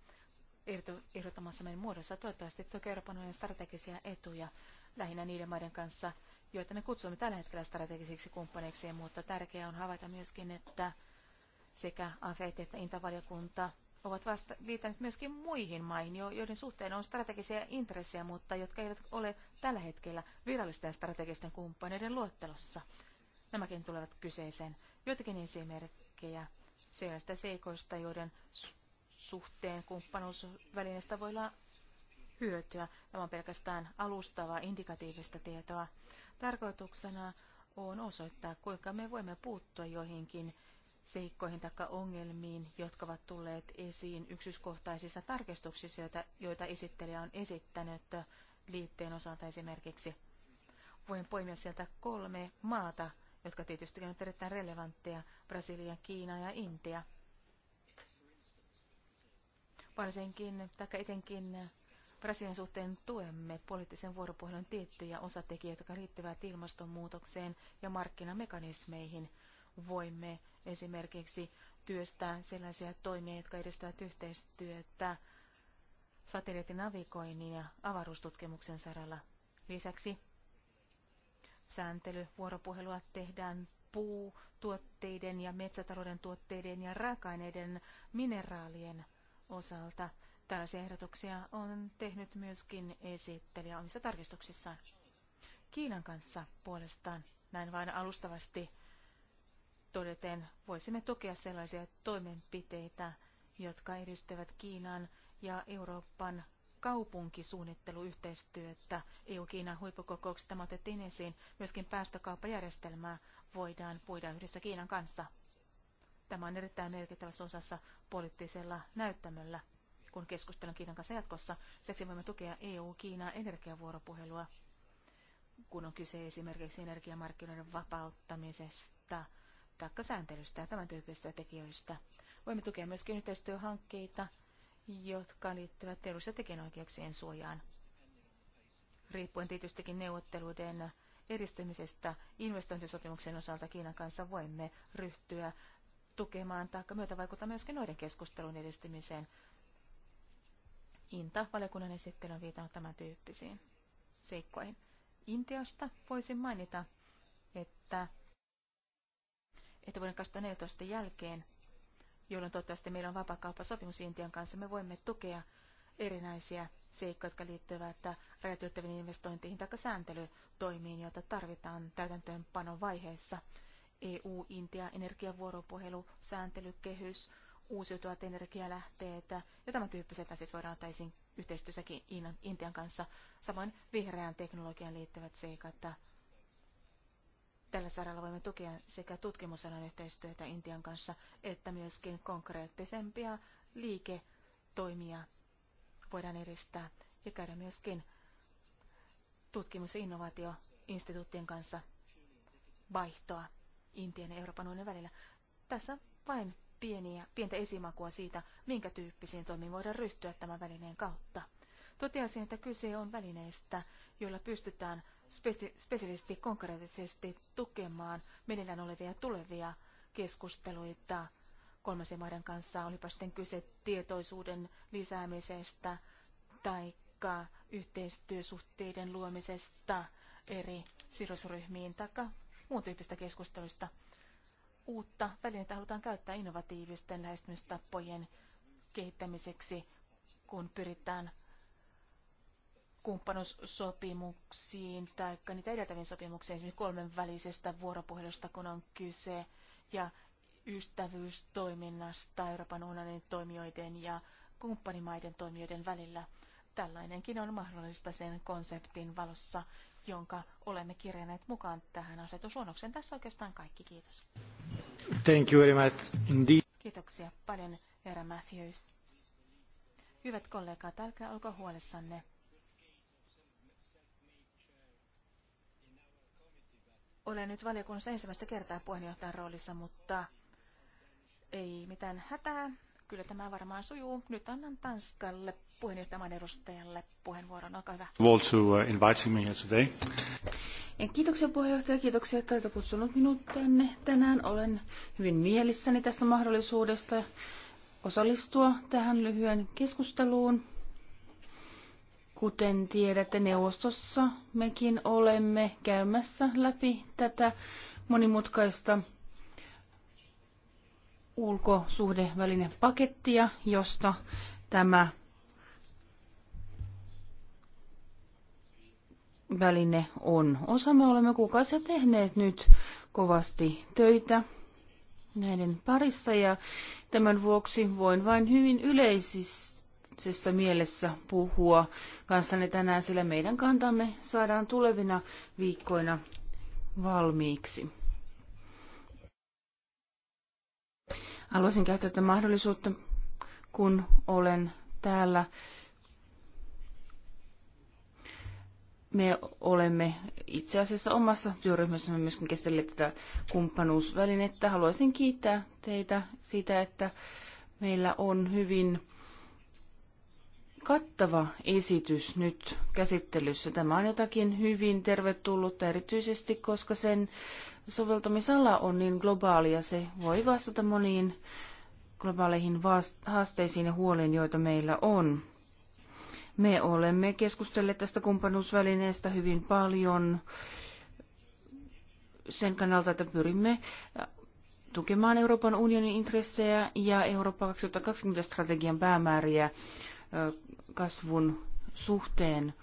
meidän muodossa toivottavasti tukee Euroopan unionin strategisia etuja lähinnä niiden maiden kanssa, joita me kutsumme tällä hetkellä strategisiksi kumppaneiksi, mutta tärkeää on havaita myöskin, että sekä AFET että Intavaliokunta ovat vasta viitanneet myöskin muihin maihin, joiden suhteen on strategisia intressejä, mutta jotka eivät ole tällä hetkellä virallisten strategisten kumppaneiden luettelossa. Nämäkin tulevat kyseeseen. Joitakin esimerkkejä sellaista seikoista, joiden suhteen kumppanuusvälineestä voi olla hyötyä. Tämä on pelkästään alustavaa, indikatiivista tietoa. Tarkoituksena on osoittaa, kuinka me voimme puuttua joihinkin seikkoihin tai ongelmiin, jotka ovat tulleet esiin yksityiskohtaisissa tarkistuksissa, joita, joita esittelijä on esittänyt liitteen osalta esimerkiksi. Voin poimia sieltä kolme maata, jotka tietysti ovat erittäin relevantteja, Brasilia, Kiina ja Intia. Varsinkin, tai etenkin Brasilian suhteen tuemme poliittisen vuoropuhelun tiettyjä osatekijöitä, jotka liittyvät ilmastonmuutokseen ja markkinamekanismeihin. Voimme esimerkiksi työstää sellaisia toimia, jotka edistävät yhteistyötä satelliittinavigoinnin ja avaruustutkimuksen saralla. Lisäksi sääntelyvuoropuhelua tehdään puutuotteiden ja metsätalouden tuotteiden ja raaka-aineiden mineraalien osalta. Tällaisia ehdotuksia on tehnyt myöskin esittelijä omissa tarkistuksissaan. Kiinan kanssa puolestaan, näin vain alustavasti todeten voisimme tukea sellaisia toimenpiteitä, jotka edistävät Kiinan ja Euroopan kaupunkisuunnitteluyhteistyötä EU-Kiinan huippukokouksessa. Tämä otettiin esiin. Myöskin päästökauppajärjestelmää voidaan puida yhdessä Kiinan kanssa. Tämä on erittäin merkittävässä osassa poliittisella näyttämöllä, kun keskustellaan Kiinan kanssa jatkossa. Siksi voimme tukea EU-Kiinaa energiavuoropuhelua, kun on kyse esimerkiksi energiamarkkinoiden vapauttamisesta taikka sääntelystä ja tämän tyyppisistä tekijöistä. Voimme tukea myöskin yhteistyöhankkeita, jotka liittyvät perus- ja tekijänoikeuksien suojaan. Riippuen tietystikin neuvotteluiden edistymisestä investointisopimuksen osalta Kiinan kanssa voimme ryhtyä tukemaan tai vaikuttaa myöskin noiden keskustelun edistymiseen. Inta valiokunnan esittely on viitannut tämän tyyppisiin seikkoihin. Intiasta voisin mainita, että että vuoden 2014 jälkeen, jolloin toivottavasti meillä on vapakauppasopimus Intian kanssa, me voimme tukea erinäisiä seikkoja, jotka liittyvät rajatyöttäviin investointeihin tai sääntelytoimiin, joita tarvitaan täytäntöönpanon vaiheessa. EU, Intia, energiavuoropuhelu, sääntelykehys, uusiutuvat energialähteet ja tämän tyyppiset asiat voidaan ottaa esiin yhteistyössäkin Intian kanssa. Samoin vihreään teknologiaan liittyvät seikat Tällä saralla voimme tukea sekä tutkimusalan yhteistyötä Intian kanssa, että myöskin konkreettisempia liiketoimia voidaan edistää ja käydä myöskin tutkimus- ja innovaatioinstituuttien kanssa vaihtoa Intian ja Euroopan unionin välillä. Tässä vain pieniä, pientä esimakua siitä, minkä tyyppisiin toimiin voidaan ryhtyä tämän välineen kautta. Toteasin, että kyse on välineistä, joilla pystytään spesifisesti konkreettisesti tukemaan meneillään olevia tulevia keskusteluita kolmansien maiden kanssa, olipa sitten kyse tietoisuuden lisäämisestä tai yhteistyösuhteiden luomisesta eri sidosryhmiin tai muun tyyppistä keskusteluista. Uutta välineitä halutaan käyttää innovatiivisten lähestymistapojen kehittämiseksi, kun pyritään kumppanuussopimuksiin tai niitä edeltäviin sopimuksiin, esimerkiksi kolmen välisestä vuoropuhelusta, kun on kyse, ja ystävyystoiminnasta Euroopan unionin toimijoiden ja kumppanimaiden toimijoiden välillä. Tällainenkin on mahdollista sen konseptin valossa, jonka olemme kirjanneet mukaan tähän asetusluonnokseen. Tässä oikeastaan kaikki. Kiitos. Thank you very much indeed. Kiitoksia paljon, herra Matthews. Hyvät kollegat, älkää olko huolissanne. Olen nyt valiokunnassa ensimmäistä kertaa puheenjohtajan roolissa, mutta ei mitään hätää. Kyllä tämä varmaan sujuu. Nyt annan Tanskalle puheenjohtajan edustajalle puheenvuoron. Olkaa hyvä. Uh, kiitoksia puheenjohtaja, kiitoksia, että olette kutsunut minut tänne tänään. Olen hyvin mielissäni tästä mahdollisuudesta osallistua tähän lyhyen keskusteluun. Kuten tiedätte, neuvostossa mekin olemme käymässä läpi tätä monimutkaista ulkosuhdevälinepakettia, josta tämä väline on osa. Me olemme kuukausia tehneet nyt kovasti töitä näiden parissa ja tämän vuoksi voin vain hyvin yleisesti myönteisessä mielessä puhua kanssanne tänään, sillä meidän kantamme saadaan tulevina viikkoina valmiiksi. Haluaisin käyttää tätä mahdollisuutta, kun olen täällä. Me olemme itse asiassa omassa työryhmässämme myöskin käsitelleet tätä kumppanuusvälinettä. Haluaisin kiittää teitä siitä, että meillä on hyvin kattava esitys nyt käsittelyssä. Tämä on jotakin hyvin tervetullutta erityisesti, koska sen soveltamisala on niin globaali ja se voi vastata moniin globaaleihin haasteisiin ja huoliin, joita meillä on. Me olemme keskustelleet tästä kumppanuusvälineestä hyvin paljon sen kannalta, että pyrimme tukemaan Euroopan unionin intressejä ja Eurooppa 2020-strategian päämääriä kasvun suhteen,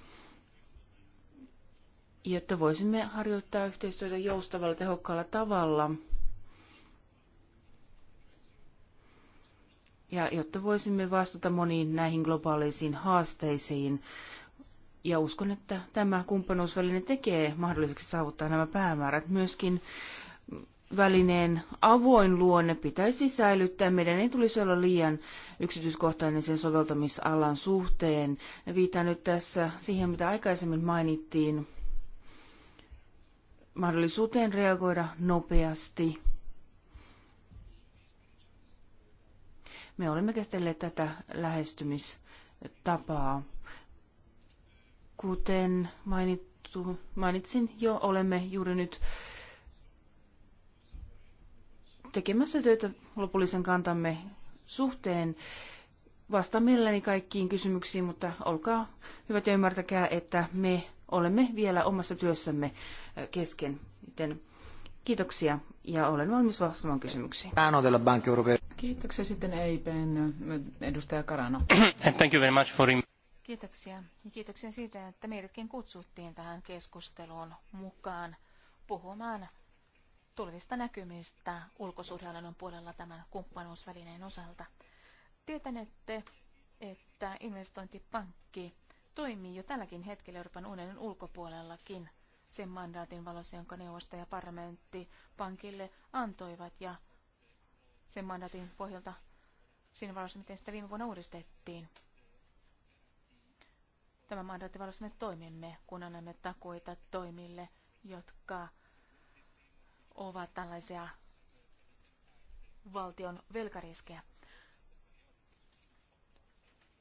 jotta voisimme harjoittaa yhteistyötä joustavalla tehokkaalla tavalla ja jotta voisimme vastata moniin näihin globaalisiin haasteisiin. Ja uskon, että tämä kumppanuusväline tekee mahdolliseksi saavuttaa nämä päämäärät. Myöskin välineen avoin luonne pitäisi säilyttää. Meidän ei tulisi olla liian yksityiskohtainen sen soveltamisalan suhteen. Viitan nyt tässä siihen, mitä aikaisemmin mainittiin, mahdollisuuteen reagoida nopeasti. Me olemme käsitelleet tätä lähestymistapaa. Kuten mainittu, mainitsin jo, olemme juuri nyt äh, tekemässä töitä lopullisen kantamme suhteen. Vastaan mielelläni kaikkiin kysymyksiin, mutta olkaa hyvät ja ymmärtäkää, että me olemme vielä omassa työssämme äh, kesken. Joten kiitoksia ja olen valmis vastaamaan kysymyksiin. Kiitoksia sitten EIPn äh, edustaja Karano. Thank you very much for him. Kiitoksia. Ja kiitoksia siitä, että meidätkin kutsuttiin tähän keskusteluun mukaan puhumaan tulevista näkymistä ulkosuhdehallinnon puolella tämän kumppanuusvälineen osalta. Tietänette, että investointipankki toimii jo tälläkin hetkellä Euroopan unionin ulkopuolellakin sen mandaatin valossa, jonka neuvosto ja parlamentti pankille antoivat ja sen mandaatin pohjalta siinä valossa, miten sitä viime vuonna uudistettiin. Tämä mandaatin valossa me toimimme, kun annamme takuita toimille, jotka ovat tällaisia valtion velkariskejä.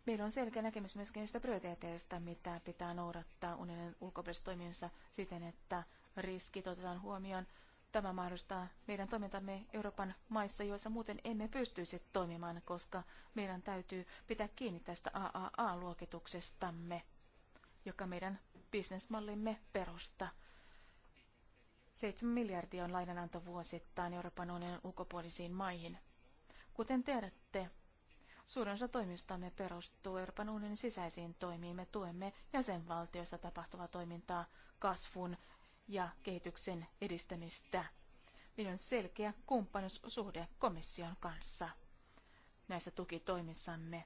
Meillä on selkeä näkemys myöskin niistä prioriteeteista, mitä pitää noudattaa unionin ulkopuolisessa toiminnassa siten, että riskit otetaan huomioon. Tämä mahdollistaa meidän toimintamme Euroopan maissa, joissa muuten emme pystyisi toimimaan, koska meidän täytyy pitää kiinni tästä AAA-luokituksestamme, joka meidän bisnesmallimme perusta. 7 miljardia on lainananto vuosittain Euroopan unionin ulkopuolisiin maihin. Kuten tiedätte, suurin osa toimistamme perustuu Euroopan unionin sisäisiin toimiin. Me tuemme jäsenvaltiossa tapahtuvaa toimintaa, kasvun ja kehityksen edistämistä. Meillä on selkeä kumppanuussuhde komission kanssa näissä tukitoimissamme.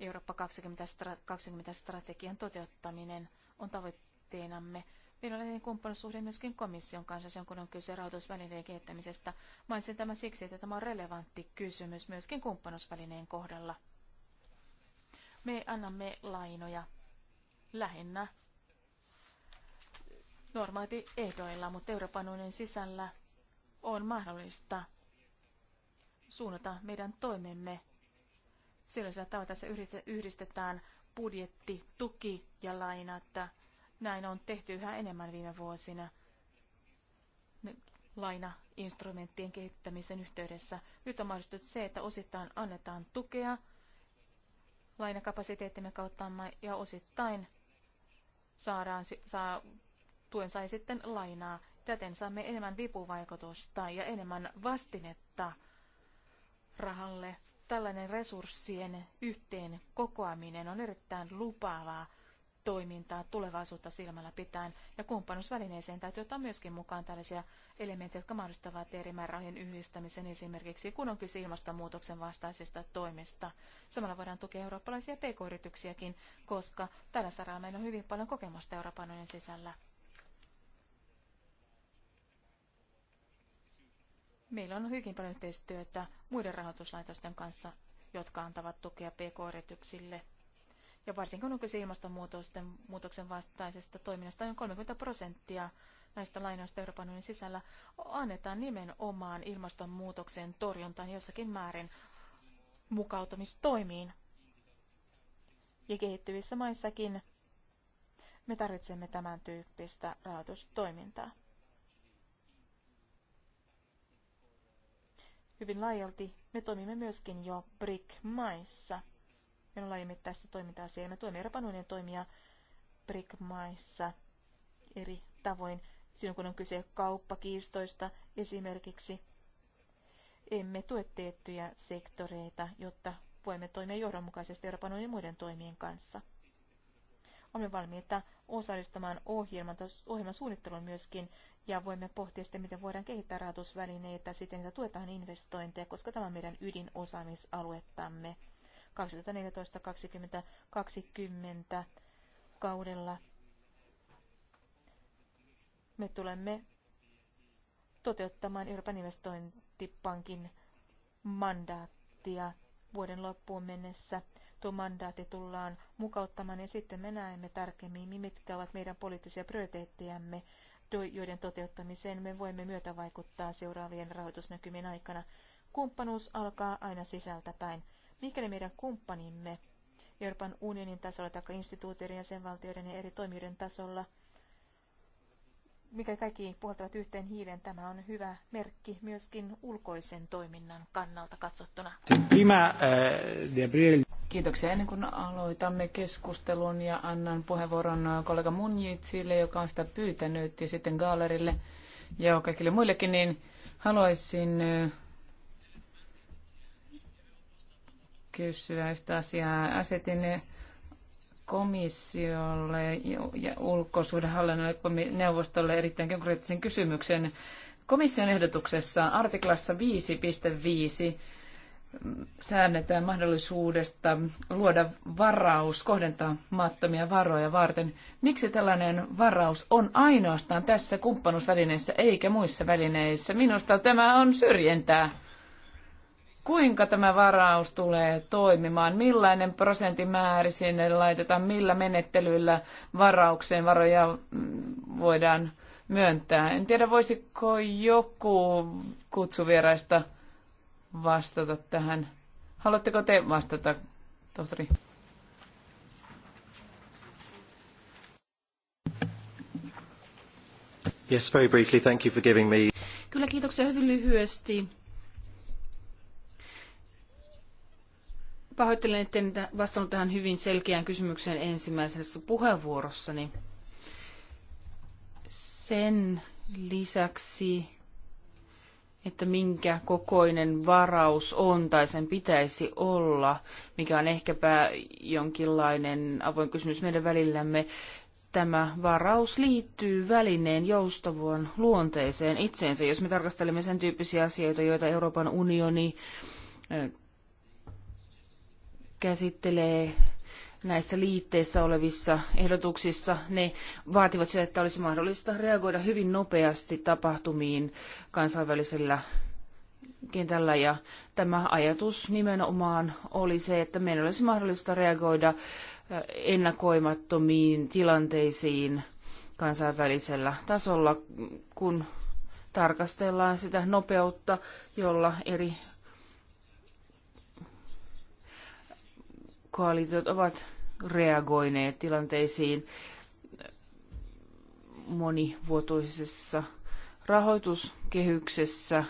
Eurooppa 2020 strategian toteuttaminen on tavoitteenamme Virallinen kumppanuussuhde myöskin komission kanssa, kun on kyse rahoitusvälineen kehittämisestä. Mainitsin tämä siksi, että tämä on relevantti kysymys myöskin kumppanuusvälineen kohdalla. Me annamme lainoja lähinnä normaatiehdoilla, mutta Euroopan unionin sisällä on mahdollista suunnata meidän toimemme sillä tavalla tässä yhdistetään budjetti, tuki ja lainat näin on tehty yhä enemmän viime vuosina laina-instrumenttien kehittämisen yhteydessä. Nyt on mahdollistettu se, että osittain annetaan tukea lainakapasiteettimme kautta ja osittain saadaan, saa, tuen sai sitten lainaa. Täten saamme enemmän vipuvaikutusta ja enemmän vastinetta rahalle. Tällainen resurssien yhteen kokoaminen on erittäin lupaavaa toimintaa tulevaisuutta silmällä pitäen. Ja kumppanuusvälineeseen täytyy ottaa myöskin mukaan tällaisia elementtejä, jotka mahdollistavat eri määrärahojen yhdistämisen esimerkiksi, kun on kyse ilmastonmuutoksen vastaisista toimista. Samalla voidaan tukea eurooppalaisia pk-yrityksiäkin, koska tällä saralla meillä on hyvin paljon kokemusta Euroopan unionin sisällä. Meillä on hyvin paljon yhteistyötä muiden rahoituslaitosten kanssa, jotka antavat tukea pk-yrityksille – ja varsinkin kun on kyse ilmastonmuutoksen vastaisesta toiminnasta, on 30 prosenttia näistä lainoista Euroopan unionin sisällä annetaan nimenomaan ilmastonmuutoksen torjuntaan jossakin määrin mukautumistoimiin. Ja kehittyvissä maissakin me tarvitsemme tämän tyyppistä rahoitustoimintaa. Hyvin laajalti me toimimme myöskin jo BRIC-maissa. Meillä on laajemmittaista toimintaa siellä. Me tuemme Euroopan unionin toimia Brickmaissa eri tavoin. Silloin kun on kyse kauppakiistoista esimerkiksi, emme tue tiettyjä sektoreita, jotta voimme toimia johdonmukaisesti Euroopan unionin muiden toimien kanssa. Olemme valmiita osallistumaan ohjelman, ohjelman suunnitteluun myöskin ja voimme pohtia sitten, miten voidaan kehittää rahoitusvälineitä siten, että tuetaan investointeja, koska tämä on meidän ydinosaamisaluettamme. 2014-2020 kaudella. Me tulemme toteuttamaan Euroopan investointipankin mandaattia vuoden loppuun mennessä. Tuo mandaatti tullaan mukauttamaan ja sitten me näemme tarkemmin, mitkä ovat meidän poliittisia prioriteettejamme, joiden toteuttamiseen me voimme myötävaikuttaa seuraavien rahoitusnäkymien aikana. Kumppanuus alkaa aina sisältä päin. Mikäli meidän kumppanimme Euroopan unionin tasolla tai instituutioiden, valtioiden ja eri toimijoiden tasolla, mikäli kaikki puhaltavat yhteen hiilen, tämä on hyvä merkki myöskin ulkoisen toiminnan kannalta katsottuna. Eh, Kiitoksia. Ennen kuin aloitamme keskustelun ja annan puheenvuoron eh, kollega Munjitsille, joka on sitä pyytänyt, ja sitten Gaalerille ja kaikille muillekin, niin haluaisin eh, kysyä yhtä asiaa. Asetin komissiolle ja ulkosuhdehallinnolle neuvostolle erittäin konkreettisen kysymyksen. Komission ehdotuksessa artiklassa 5.5 säännetään mahdollisuudesta luoda varaus maattomia varoja varten. Miksi tällainen varaus on ainoastaan tässä kumppanuusvälineessä eikä muissa välineissä? Minusta tämä on syrjintää kuinka tämä varaus tulee toimimaan, millainen prosenttimäärä sinne laitetaan, millä menettelyillä varaukseen varoja mm, voidaan myöntää. En tiedä, voisiko joku kutsuvieraista vastata tähän. Haluatteko te vastata, tohtori? Yes, very briefly. Thank you for giving me. Kyllä, kiitoksia hyvin lyhyesti Pahoittelen, etten vastannut tähän hyvin selkeään kysymykseen ensimmäisessä puheenvuorossani. Sen lisäksi, että minkä kokoinen varaus on tai sen pitäisi olla, mikä on ehkäpä jonkinlainen avoin kysymys meidän välillämme, tämä varaus liittyy välineen joustavuun luonteeseen itseensä. Jos me tarkastelemme sen tyyppisiä asioita, joita Euroopan unioni käsittelee näissä liitteissä olevissa ehdotuksissa. Ne vaativat sitä, että olisi mahdollista reagoida hyvin nopeasti tapahtumiin kansainvälisellä kentällä. Ja tämä ajatus nimenomaan oli se, että meidän olisi mahdollista reagoida äh, ennakoimattomiin tilanteisiin kansainvälisellä tasolla, kun tarkastellaan sitä nopeutta, jolla eri koalitiot ovat reagoineet tilanteisiin monivuotoisessa rahoituskehyksessä.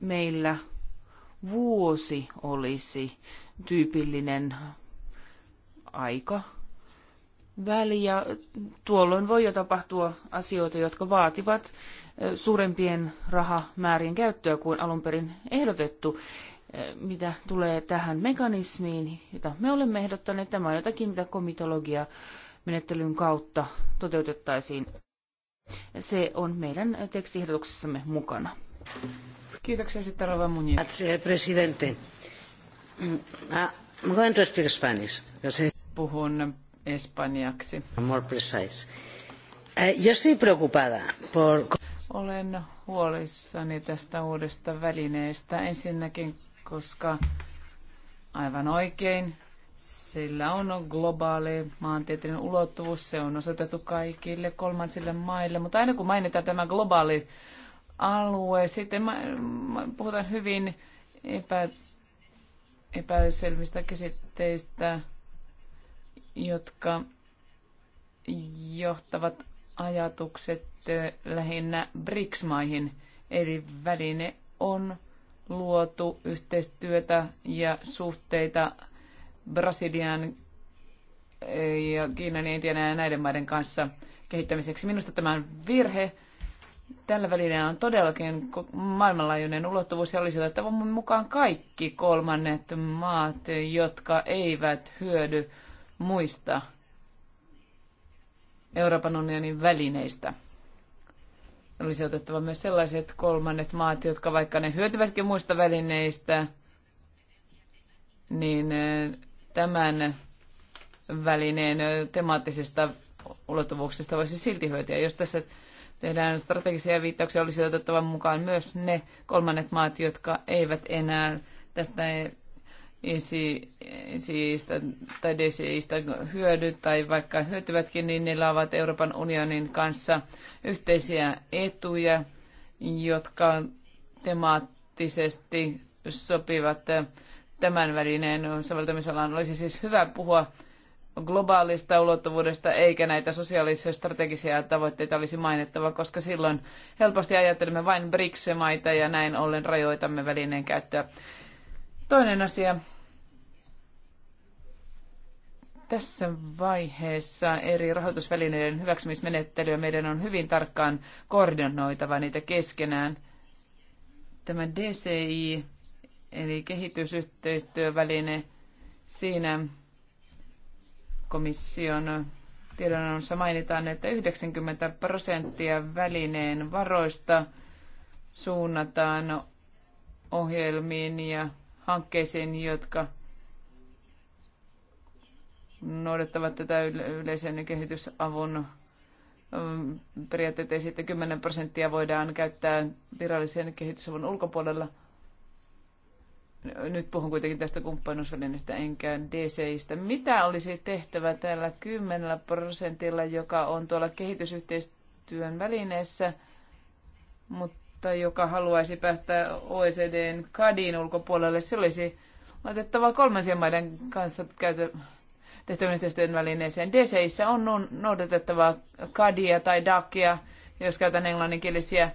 Meillä vuosi olisi tyypillinen aika väli ja tuolloin voi jo tapahtua asioita, jotka vaativat suurempien rahamäärien käyttöä kuin alun perin ehdotettu mitä tulee tähän mekanismiin, jota me olemme ehdottaneet. Tämä on jotakin, mitä komitologia menettelyn kautta toteutettaisiin. Se on meidän tekstiehdotuksessamme mukana. Kiitoksia sitten Rova Muñiz. presidente. I'm going speak Spanish. Puhun espanjaksi. More precise. Eh, yo estoy preocupada por... Olen huolissani tästä uudesta välineestä. Ensinnäkin koska aivan oikein sillä on globaali maantieteellinen ulottuvuus, se on osoitettu kaikille kolmansille maille, mutta aina kun mainitaan tämä globaali alue, sitten puhutaan hyvin epä, epäselvistä käsitteistä, jotka johtavat ajatukset lähinnä BRICS-maihin, eli väline on luotu yhteistyötä ja suhteita Brasilian eh, ja Kiinan Intian ja näiden maiden kanssa kehittämiseksi. Minusta tämä on virhe. Tällä välillä on todellakin maailmanlaajuinen ulottuvuus ja olisi otettava mukaan kaikki kolmannet maat, jotka eivät hyödy muista Euroopan unionin välineistä olisi otettava myös sellaiset kolmannet maat, jotka vaikka ne hyötyvätkin muista välineistä, niin tämän välineen temaattisesta ulottuvuuksesta voisi silti hyötyä. Jos tässä tehdään strategisia viittauksia, olisi otettava mukaan myös ne kolmannet maat, jotka eivät enää tästä esiistä tai DCistä hyödyt tai vaikka hyötyvätkin, niin ne ovat Euroopan unionin kanssa yhteisiä etuja, jotka temaattisesti sopivat tämän välineen soveltamisalaan. Olisi siis hyvä puhua globaalista ulottuvuudesta eikä näitä sosiaalisia strategisia tavoitteita olisi mainittava, koska silloin helposti ajattelemme vain BRICS-maita ja näin ollen rajoitamme välineen käyttöä. Toinen asia. Tässä vaiheessa eri rahoitusvälineiden hyväksymismenettelyä meidän on hyvin tarkkaan koordinoitava niitä keskenään. Tämä DCI, eli kehitysyhteistyöväline, siinä komission tiedonannossa mainitaan, että 90 prosenttia välineen varoista suunnataan ohjelmiin ja hankkeisiin, jotka noudattavat tätä yleisen kehitysavun mm, periaatteita. ja sitten 10 prosenttia voidaan käyttää virallisen kehitysavun ulkopuolella. Nyt puhun kuitenkin tästä kumppanuusvälineestä enkä DCistä. Mitä olisi tehtävä tällä 10 prosentilla, joka on tuolla kehitysyhteistyön välineessä, mutta maasta, joka haluaisi päästä OECDn kadin ulkopuolelle, se olisi laitettava kolmansien maiden kanssa käytö, tehtävän yhteistyön välineeseen. DCissä on noudatettava kadia tai dacia, jos käytän englanninkielisiä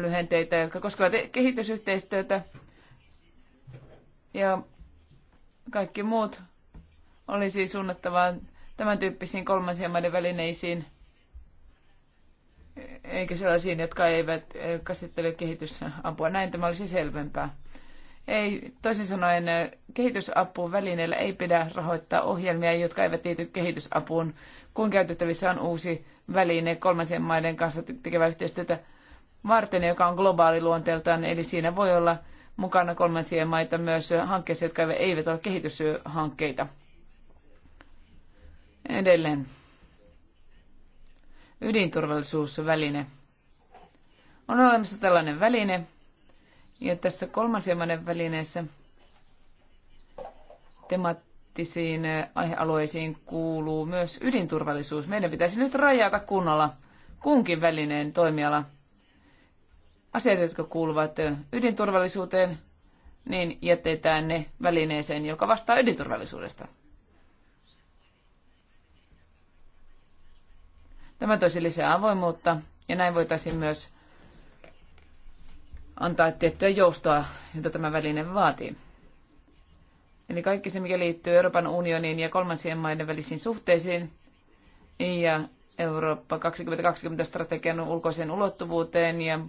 lyhenteitä, jotka koskevat kehitysyhteistyötä. Ja kaikki muut olisi suunnattava tämän tyyppisiin kolmansien maiden välineisiin – eikä sellaisiin, jotka eivät eh, käsittele kehitysapua. Näin tämä olisi selvempää. Ei, toisin sanoen eh, välineellä ei pidä rahoittaa ohjelmia, jotka eivät liity kehitysapuun, kun käytettävissä on uusi väline kolmansien maiden kanssa tekevä yhteistyötä varten, joka on globaali luonteeltaan, eli siinä voi olla mukana kolmansien maita myös hankkeissa, jotka eivät ole kehityshankkeita. Edelleen ydinturvallisuusväline. On olemassa tällainen väline, ja tässä kolmansien maiden välineessä temaattisiin aihealueisiin kuuluu myös ydinturvallisuus. Meidän pitäisi nyt rajata kunnolla kunkin välineen toimiala asiat, jotka kuuluvat ydinturvallisuuteen, niin jätetään ne välineeseen, joka vastaa ydinturvallisuudesta. Tämä toisi lisää avoimuutta ja näin voitaisiin myös antaa tiettyä joustoa, jota tämä väline vaatii. Eli kaikki se, mikä liittyy Euroopan unionin ja kolmansien maiden välisiin suhteisiin ja Eurooppa 2020-strategian ulkoiseen ulottuvuuteen ja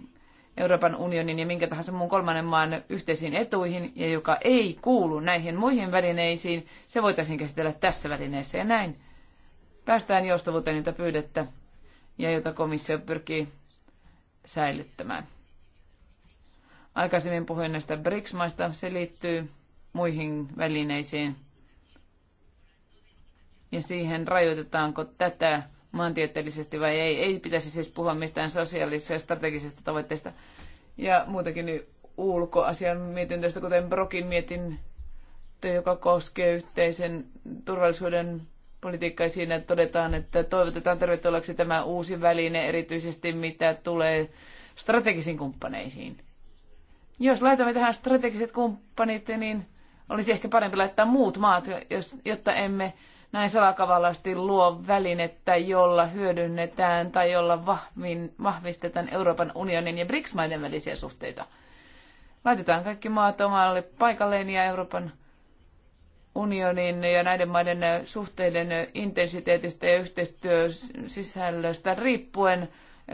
Euroopan unionin ja minkä tahansa muun kolmannen maan yhteisiin etuihin ja joka ei kuulu näihin muihin välineisiin, se voitaisiin käsitellä tässä välineessä ja näin. Päästään joustavuuteen, jota pyydettä ja jota komissio pyrkii säilyttämään. Aikaisemmin puhuin näistä BRICS-maista. Se liittyy muihin välineisiin ja siihen rajoitetaanko tätä maantieteellisesti vai ei. Ei pitäisi siis puhua mistään sosiaalisesta ja strategisesta tavoitteesta ja muutenkin niin ulkoasian mietintöistä, kuten Brokin mietintö, joka koskee yhteisen turvallisuuden politiikkaa. Siinä todetaan, että toivotetaan tervetulleeksi tämä uusi väline, erityisesti mitä tulee strategisiin kumppaneisiin. Jos laitamme tähän strategiset kumppanit, niin olisi ehkä parempi laittaa muut maat, jos, jotta emme näin salakavallasti luo välinettä, jolla hyödynnetään tai jolla vahvin, vahvistetaan Euroopan unionin ja BRICS-maiden välisiä suhteita. Laitetaan kaikki maat omalle paikalleen ja Euroopan unionin ja näiden maiden suhteiden intensiteetistä ja yhteistyösisällöstä riippuen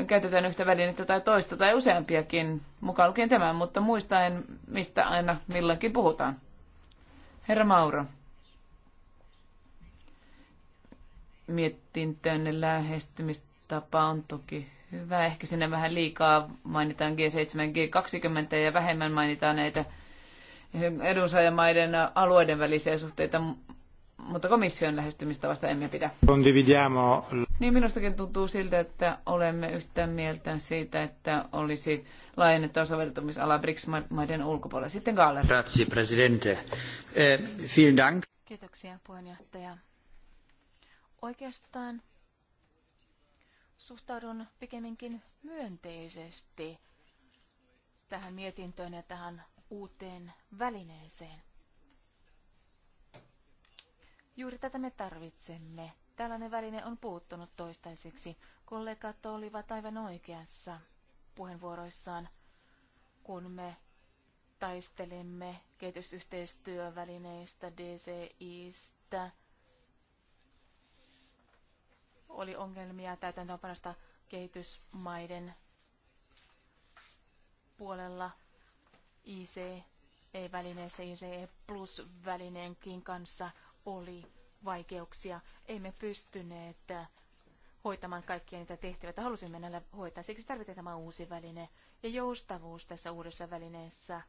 käytetään yhtä välinettä tai toista tai useampiakin, mukaan lukien tämän, mutta muistaen, mistä aina milloinkin puhutaan. Herra Mauro. tänne lähestymistapa on toki hyvä. Ehkä sinne vähän liikaa mainitaan G7, G20 ja vähemmän mainitaan näitä edunsaajamaiden alueiden välisiä suhteita, mutta komission lähestymistavasta emme pidä. Condividiamo. Niin minustakin tuntuu siltä, että olemme yhtä mieltä siitä, että olisi laajennettava soveltamisala BRICS-maiden ulkopuolella. Sitten Gaaler. Grazie, presidente. Eh, vielen dank. Kiitoksia, puheenjohtaja. Oikeastaan suhtaudun pikemminkin myönteisesti tähän mietintöön ja tähän uuteen välineeseen. Juuri tätä me tarvitsemme. Tällainen väline on puuttunut toistaiseksi. Kollegat olivat aivan oikeassa puheenvuoroissaan, kun me taistelemme kehitysyhteistyövälineistä, DCIstä. Oli ongelmia täytäntöönpanosta kehitysmaiden puolella ICE-välineessä, ICE Plus-välineenkin kanssa oli vaikeuksia. Emme pystyneet hoitamaan kaikkia niitä tehtäviä, Halusin halusimme näillä hoitaa. Siksi tarvitaan tämä uusi väline. Ja joustavuus tässä uudessa välineessä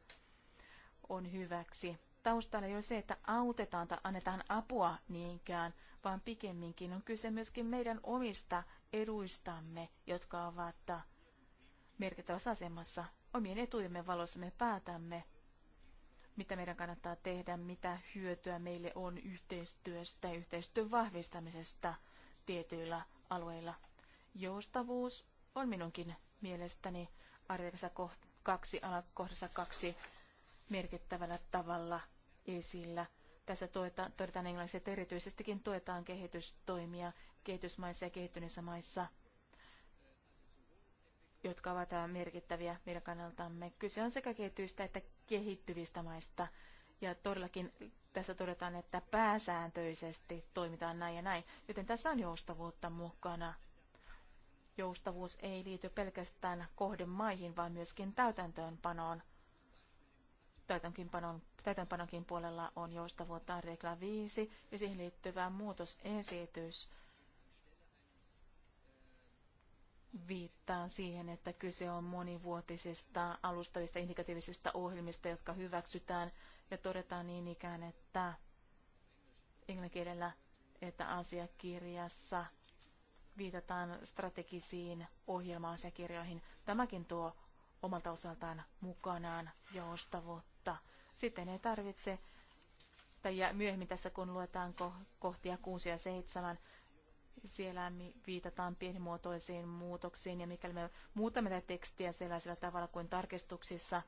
on hyväksi. Taustalla ei ole se, että autetaan tai annetaan apua niinkään, vaan pikemminkin on kyse myöskin meidän omista eduistamme, jotka ovat merkittävässä asemassa omien etujemme valossa me päätämme, mitä meidän kannattaa tehdä, mitä hyötyä meille on yhteistyöstä ja yhteistyön vahvistamisesta tietyillä alueilla. Joustavuus on minunkin mielestäni artikassa kaksi alakohdassa kaksi merkittävällä tavalla esillä. Tässä todetaan englanniksi, että erityisestikin tuetaan kehitystoimia kehitysmaissa ja kehittyneissä maissa – jotka ovat merkittäviä meidän kannaltamme. Kyse on sekä kehittyvistä että kehittyvistä maista. Ja todellakin tässä todetaan, että pääsääntöisesti toimitaan näin ja näin, joten tässä on joustavuutta mukana. Joustavuus ei liity pelkästään kohdemaihin, vaan myöskin täytäntöönpanoon. Täytäntöönpanon, täytäntöönpanonkin puolella on joustavuutta artikla 5 ja siihen liittyvä muutosesitys, viittaa siihen, että kyse on monivuotisista alustavista indikatiivisista ohjelmista, jotka hyväksytään ja todetaan niin ikään, että englanninkielellä, että asiakirjassa viitataan strategisiin ohjelma-asiakirjoihin. Tämäkin tuo omalta osaltaan mukanaan joustavuutta. Sitten ei tarvitse, tai myöhemmin tässä kun luetaan kohtia 6 ja 7, siellä viitataan pienimuotoisiin muutoksiin ja mikäli me muutamme tätä tekstiä sellaisella tavalla kuin tarkistuksissa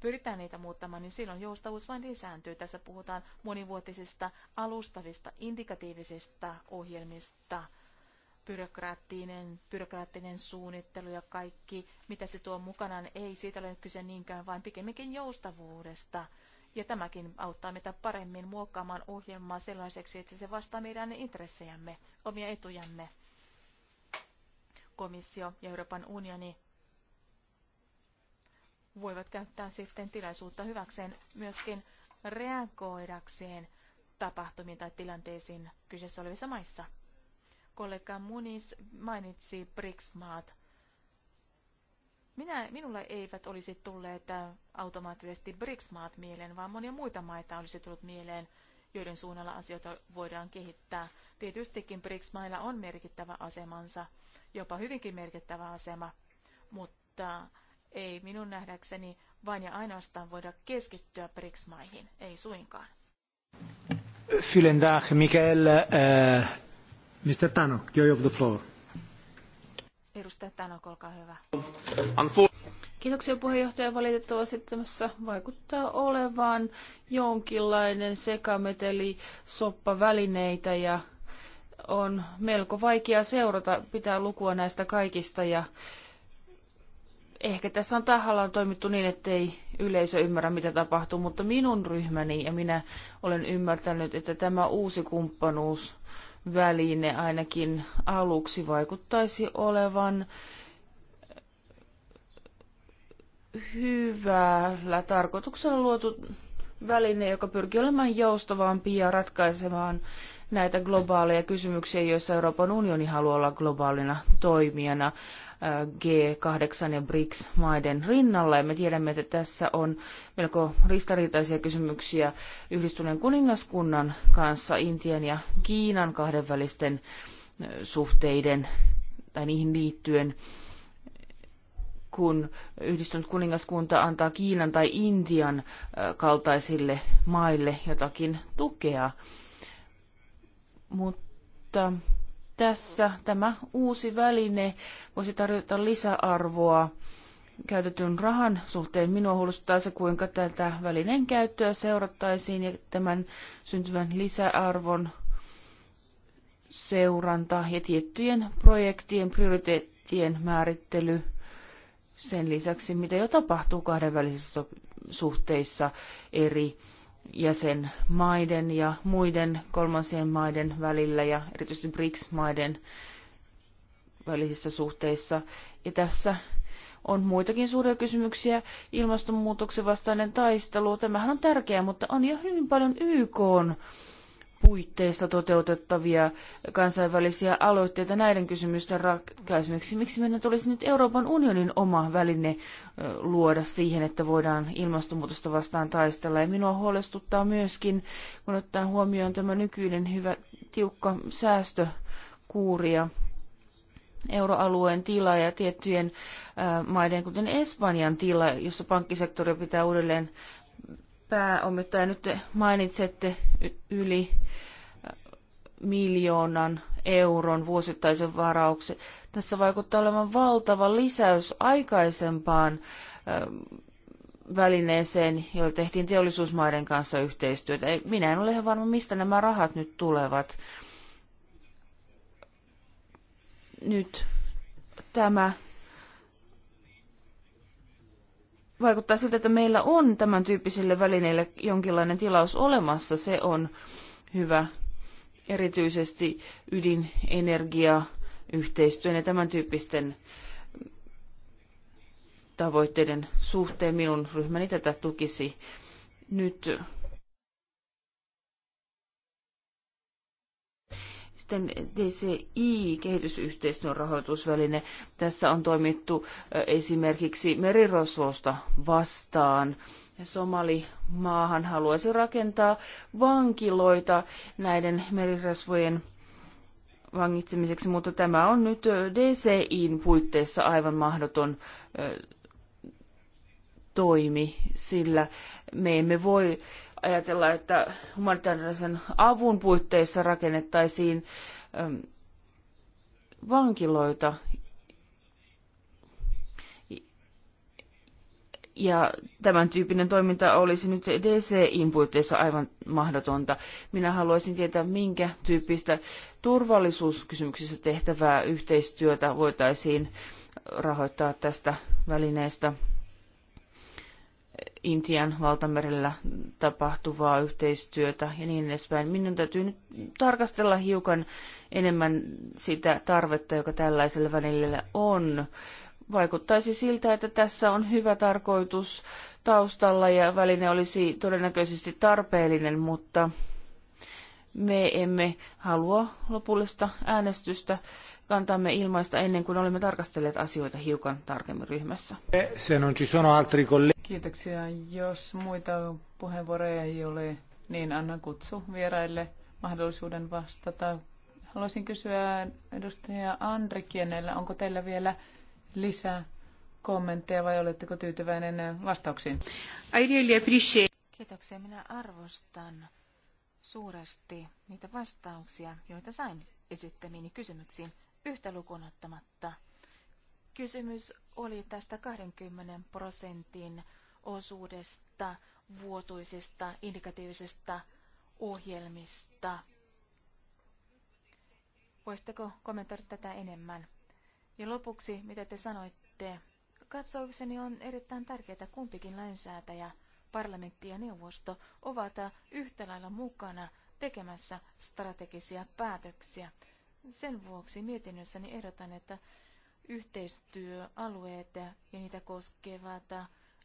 pyritään niitä muuttamaan, niin silloin joustavuus vain lisääntyy. Tässä puhutaan monivuotisista alustavista indikatiivisista ohjelmista byrokraattinen, byrokraattinen suunnittelu ja kaikki, mitä se tuo mukanaan, ei siitä ole kyse niinkään, vaan pikemminkin joustavuudesta ja tämäkin auttaa meitä paremmin muokkaamaan ohjelmaa sellaiseksi, että se vastaa meidän intressejämme, omia etujamme. Komissio ja Euroopan unioni voivat käyttää sitten tilaisuutta hyväkseen myöskin reagoidakseen tapahtumiin tai tilanteisiin kyseessä olevissa maissa. Kollega Munis mainitsi BRICS-maat minä, minulle eivät olisi tulleet äh, automaattisesti BRICS-maat mieleen, vaan monia muita maita olisi tullut mieleen, joiden suunnalla asioita voidaan kehittää. Tietystikin BRICS-mailla on merkittävä asemansa, jopa hyvinkin merkittävä asema, mutta ei minun nähdäkseni vain ja ainoastaan voida keskittyä BRICS-maihin, ei suinkaan. Vielen Dank, Mikael. Eh, Mr. Tano, you have the floor. Edustaja Tanok, olkaa hyvä. Kiitoksia puheenjohtaja. Valitettavasti tämässä vaikuttaa olevan jonkinlainen sekameteli, soppavälineitä ja on melko vaikea seurata, pitää lukua näistä kaikista ja ehkä tässä on tahallaan toimittu niin, ettei yleisö ymmärrä, mitä tapahtuu, mutta minun ryhmäni ja minä olen ymmärtänyt, että tämä uusi kumppanuus väline ainakin aluksi vaikuttaisi olevan hyvällä tarkoituksella luotu väline, joka pyrkii olemaan joustavampi ja ratkaisemaan näitä globaaleja kysymyksiä, joissa Euroopan unioni haluaa olla globaalina toimijana. G8 ja BRICS-maiden rinnalle. Me tiedämme, että tässä on melko ristiriitaisia kysymyksiä yhdistyneen kuningaskunnan kanssa, Intian ja Kiinan kahdenvälisten suhteiden tai niihin liittyen kun yhdistynyt kuningaskunta antaa Kiinan tai Intian kaltaisille maille jotakin tukea. Mutta tässä tämä uusi väline voisi tarjota lisäarvoa käytetyn rahan suhteen. Minua huolestuttaa se, kuinka tätä välineen käyttöä seurattaisiin ja tämän syntyvän lisäarvon seuranta ja tiettyjen projektien prioriteettien määrittely sen lisäksi, mitä jo tapahtuu kahdenvälisissä suhteissa eri jäsenmaiden ja muiden kolmansien maiden välillä ja erityisesti BRICS-maiden välisissä suhteissa. Ja tässä on muitakin suuria kysymyksiä. Ilmastonmuutoksen vastainen taistelu, tämähän on tärkeää, mutta on jo hyvin paljon YK puitteissa toteutettavia kansainvälisiä aloitteita näiden kysymysten ratkaisemiseksi. Miksi meidän tulisi nyt Euroopan unionin oma väline luoda siihen, että voidaan ilmastonmuutosta vastaan taistella? Ja minua huolestuttaa myöskin, kun ottaa huomioon tämä nykyinen hyvä tiukka säästökuuri ja euroalueen tila ja tiettyjen maiden, kuten Espanjan tila, jossa pankkisektori pitää uudelleen pääomittaja. Nyt te mainitsette yli äh, miljoonan euron vuosittaisen varauksen. Tässä vaikuttaa olevan valtava lisäys aikaisempaan äh, välineeseen, jolla tehtiin teollisuusmaiden kanssa yhteistyötä. Minä en ole ihan varma, mistä nämä rahat nyt tulevat. Nyt tämä vaikuttaa siltä, että meillä on tämän tyyppisille välineille jonkinlainen tilaus olemassa. Se on hyvä erityisesti ydinenergia, yhteistyön ja tämän tyyppisten tavoitteiden suhteen minun ryhmäni tätä tukisi. Nyt Sitten DCI-kehitysyhteistyön rahoitusväline. Tässä on toimittu esimerkiksi merirosvosta vastaan. Somali maahan haluaisi rakentaa vankiloita näiden merirosvojen vangitsemiseksi, mutta tämä on nyt DCIn puitteissa aivan mahdoton toimi, sillä me emme voi ajatella, että humanitaarisen avun puitteissa rakennettaisiin ähm, vankiloita. Ja tämän tyyppinen toiminta olisi nyt DCIn puitteissa aivan mahdotonta. Minä haluaisin tietää, minkä tyyppistä turvallisuuskysymyksissä tehtävää yhteistyötä voitaisiin rahoittaa tästä välineestä. Intian valtamerellä tapahtuvaa yhteistyötä ja niin edespäin. Minun täytyy nyt tarkastella hiukan enemmän sitä tarvetta, joka tällaisella välillä on. Vaikuttaisi siltä, että tässä on hyvä tarkoitus taustalla ja väline olisi todennäköisesti tarpeellinen, mutta me emme halua lopullista äänestystä kantamme ilmaista ennen kuin olemme tarkastelleet asioita hiukan tarkemmin ryhmässä. Se non ci sono altri colleghi. Kiitoksia. Jos muita puheenvuoroja ei ole, niin anna kutsu vieraille mahdollisuuden vastata. Haluaisin kysyä edustaja Andri Kienellä, onko teillä vielä lisää kommentteja vai oletteko tyytyväinen vastauksiin? I really appreciate. Kiitoksia. Minä arvostan suuresti niitä vastauksia, joita sain esittämiini kysymyksiin yhtä ottamatta. Kysymys oli tästä 20 prosentin osuudesta vuotuisista indikatiivisista ohjelmista. Voisitteko kommentoida tätä enemmän? Ja lopuksi, mitä te sanoitte, Katsoukseni on erittäin tärkeää, kumpikin lainsäätäjä, parlamentti ja neuvosto ovat yhtä lailla mukana tekemässä strategisia päätöksiä. Sen vuoksi mietinnössäni ehdotan, että yhteistyöalueet ja niitä koskevat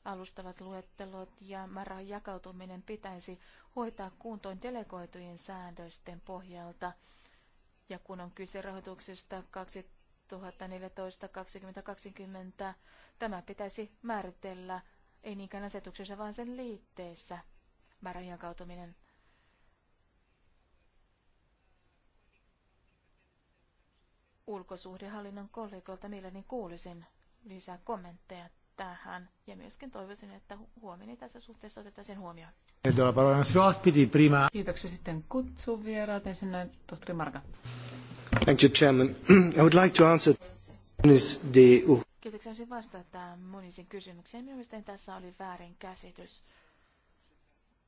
alustavat luettelot ja määrärahan jakautuminen pitäisi hoitaa kuntoon delegoitujen säännösten pohjalta. Ja kun on kyse rahoituksesta 2014-2020, tämä pitäisi määritellä ei niinkään asetuksessa, vaan sen liitteissä määrän jakautuminen. Ulkosuhdehallinnon kollegoilta mielelläni kuulisin lisää kommentteja tähän ja myöskin toivoisin, että huomioni tässä suhteessa otettaisiin huomioon. Kiitoksia sitten vieraat. Ensin tohtori Marka. Thank you, Chairman. I would like to answer the... Kiitoksia olisin vastata tähän monisin kysymykseen. mielestäni tässä oli väärin käsitys.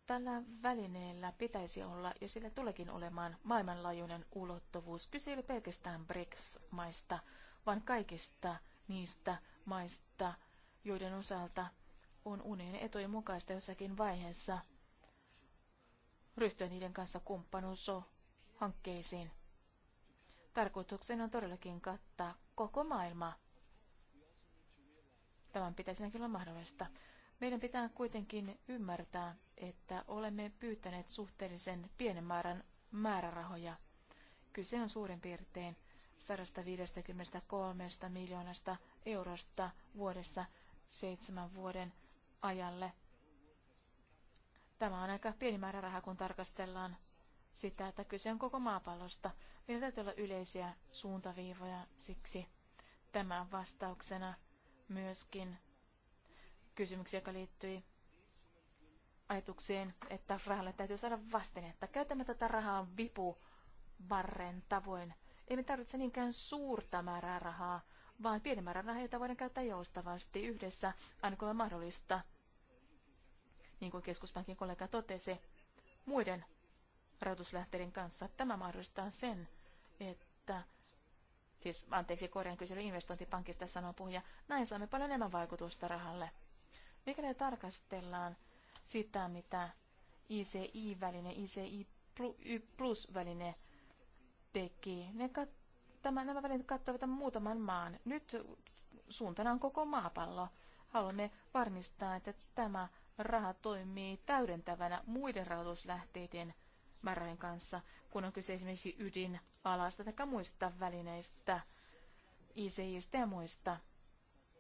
Tällä välineellä pitäisi olla, ja sillä tuleekin olemaan, maailmanlaajuinen ulottuvuus. Kyse ei ole pelkästään BRICS-maista, vaan kaikista niistä maista, joiden osalta on unien etujen mukaista jossakin vaiheessa ryhtyä niiden kanssa kumppanuushankkeisiin. Tarkoituksena on todellakin kattaa koko maailma. Tämän pitäisi olla mahdollista. Meidän pitää kuitenkin ymmärtää, että olemme pyytäneet suhteellisen pienen määrän määrärahoja. Kyse on suurin piirtein 153 miljoonasta eurosta vuodessa seitsemän vuoden ajalle. Tämä on aika pieni määrä rahaa, kun tarkastellaan sitä, että kyse on koko maapallosta. Meillä täytyy olla yleisiä suuntaviivoja siksi tämän vastauksena myöskin kysymyksiä, joka liittyi ajatukseen, että rahalle täytyy saada että Käytämme tätä rahaa vipuvarren tavoin. Ei me tarvitse niinkään suurta määrää rahaa, vaan pienen määrän rahoja voidaan käyttää joustavasti yhdessä, aina kun on mahdollista, niin kuin keskuspankin kollega totesi, muiden rahoituslähteiden kanssa. Tämä mahdollistaa sen, että siis anteeksi korjaan kysely investointipankista sanoo puhuja, näin saamme paljon enemmän vaikutusta rahalle. Mikäli tarkastellaan sitä, mitä ICI-väline, ICI plus-väline teki, ne kat- Tämä, nämä välineet kattavat muutaman maan. Nyt suuntana on koko maapallo. Haluamme varmistaa, että tämä raha toimii täydentävänä muiden rahoituslähteiden määrärahojen kanssa, kun on kyse esimerkiksi ydinalasta tai muista välineistä, ICIstä ja muista.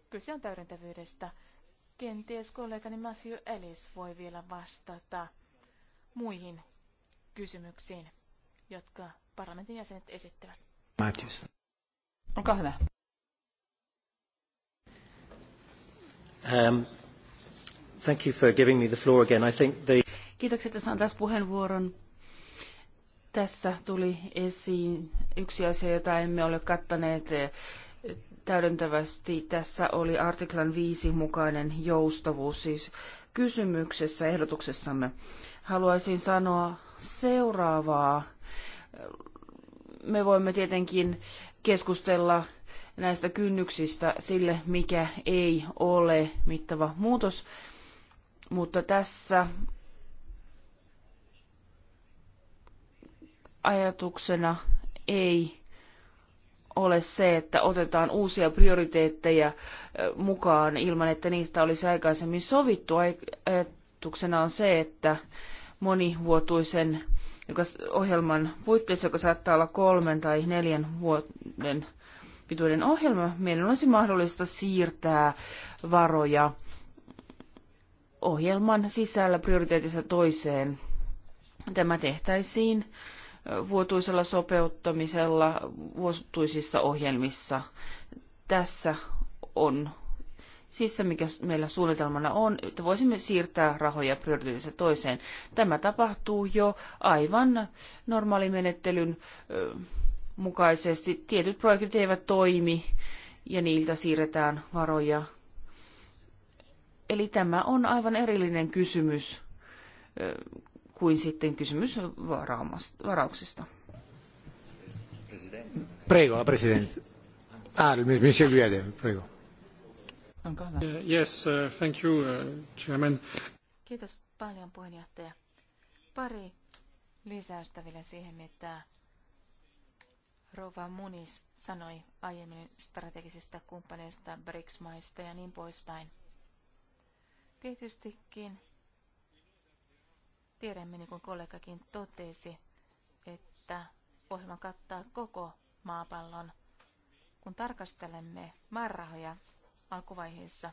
Kyse on täydentävyydestä. Kenties kollegani Matthew Ellis voi vielä vastata muihin kysymyksiin, jotka parlamentin jäsenet esittävät. Matthews. Olkaa hyvä. Um, thank you for giving me the floor again. I think the... Kiitoksia, että saan tässä puheenvuoron. Tässä tuli esiin yksi asia, jota emme ole kattaneet eh, täydentävästi. Tässä oli artiklan 5 mukainen joustavuus, siis kysymyksessä, ehdotuksessamme. Haluaisin sanoa seuraavaa me voimme tietenkin keskustella näistä kynnyksistä sille, mikä ei ole mittava muutos, mutta tässä ajatuksena ei ole se, että otetaan uusia prioriteetteja mukaan ilman, että niistä olisi aikaisemmin sovittu. Ajatuksena on se, että monivuotuisen joka, ohjelman puitteissa, joka saattaa olla kolmen tai neljän vuoden pituinen ohjelma, meidän olisi mahdollista siirtää varoja ohjelman sisällä prioriteetissa toiseen. Tämä tehtäisiin vuotuisella sopeuttamisella vuotuisissa ohjelmissa. Tässä on siis se, mikä meillä suunnitelmana on, että voisimme siirtää rahoja prioriteetissa toiseen. Tämä tapahtuu jo aivan normaalimenettelyn mukaisesti. Tietyt projektit eivät toimi ja niiltä siirretään varoja. Eli tämä on aivan erillinen kysymys kuin sitten kysymys varauksista. Prego, la presidente. Ah, monsieur Guede, prego. Onko hyvä? Uh, yes, uh, thank you, uh, Chairman. Kiitos paljon puheenjohtaja. Pari lisäystä vielä siihen, mitä Rova Munis sanoi aiemmin strategisista kumppaneista, BRICS-maista ja niin poispäin. Tietystikin tiedämme, niin kuin kollegakin totesi, että ohjelma kattaa koko maapallon. Kun tarkastelemme määrärahoja, alkuvaiheessa.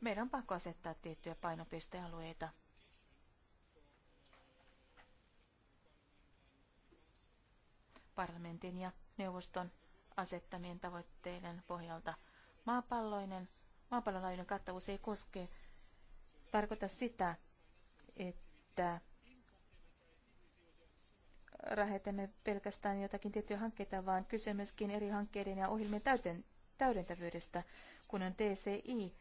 Meidän on pakko asettaa tiettyjä painopistealueita. Parlamentin ja neuvoston asettamien tavoitteiden pohjalta maapalloinen, maapallonlaajuinen kattavuus ei koske, tarkoita sitä, että rahetemme pelkästään jotakin tiettyjä hankkeita, vaan kyse myöskin eri hankkeiden ja ohjelmien täyteen täydentävyydestä, kun on DCI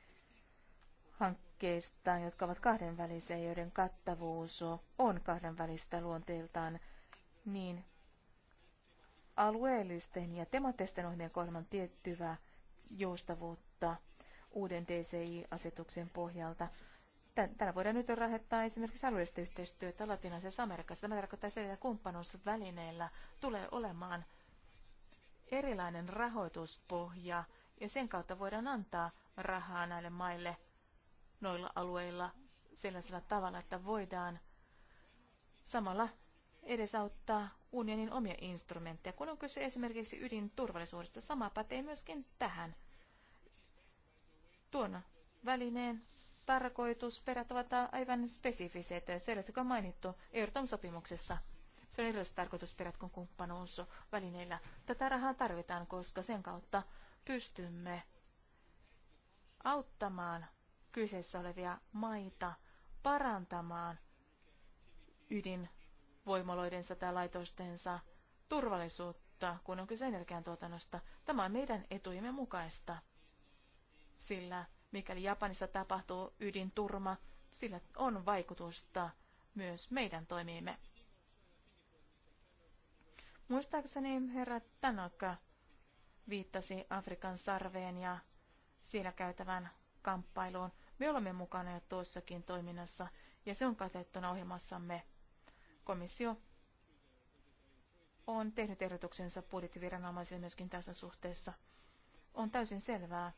hankkeista, jotka ovat kahdenvälisiä, joiden kattavuus on kahdenvälistä luonteeltaan, niin alueellisten ja temaattisten ohjelmien kohdalla on tiettyvää joustavuutta uuden DCI-asetuksen pohjalta. Tällä voidaan nyt rahoittaa esimerkiksi alueellista yhteistyötä Latinalaisessa Amerikassa. Tämä tarkoittaa sitä, että kumppanuusvälineillä tulee olemaan – erilainen rahoituspohja ja sen kautta voidaan antaa rahaa näille maille noilla alueilla sellaisella tavalla, että voidaan samalla edesauttaa unionin omia instrumentteja, kun on kyse esimerkiksi ydinturvallisuudesta. Sama pätee myöskin tähän. Tuon välineen tarkoitusperät ovat aivan spesifiset, sellaiset, on mainittu Euroopan sopimuksessa. Se on erilaiset tarkoitusperät kuin kumppanuusvälineillä. Tätä rahaa tarvitaan, koska sen kautta pystymme auttamaan kyseessä olevia maita parantamaan ydinvoimaloidensa tai laitostensa turvallisuutta, kun on kyse energiantuotannosta. Tämä on meidän etujemme mukaista, sillä mikäli Japanissa tapahtuu ydinturma, sillä on vaikutusta myös meidän toimiimme. Muistaakseni herra Tanaka viittasi Afrikan sarveen ja siellä käytävän kamppailuun. Me olemme mukana jo tuossakin toiminnassa ja se on katettuna ohjelmassamme. Komissio on tehnyt ehdotuksensa budjettiviranomaisille myöskin tässä suhteessa. On täysin selvää,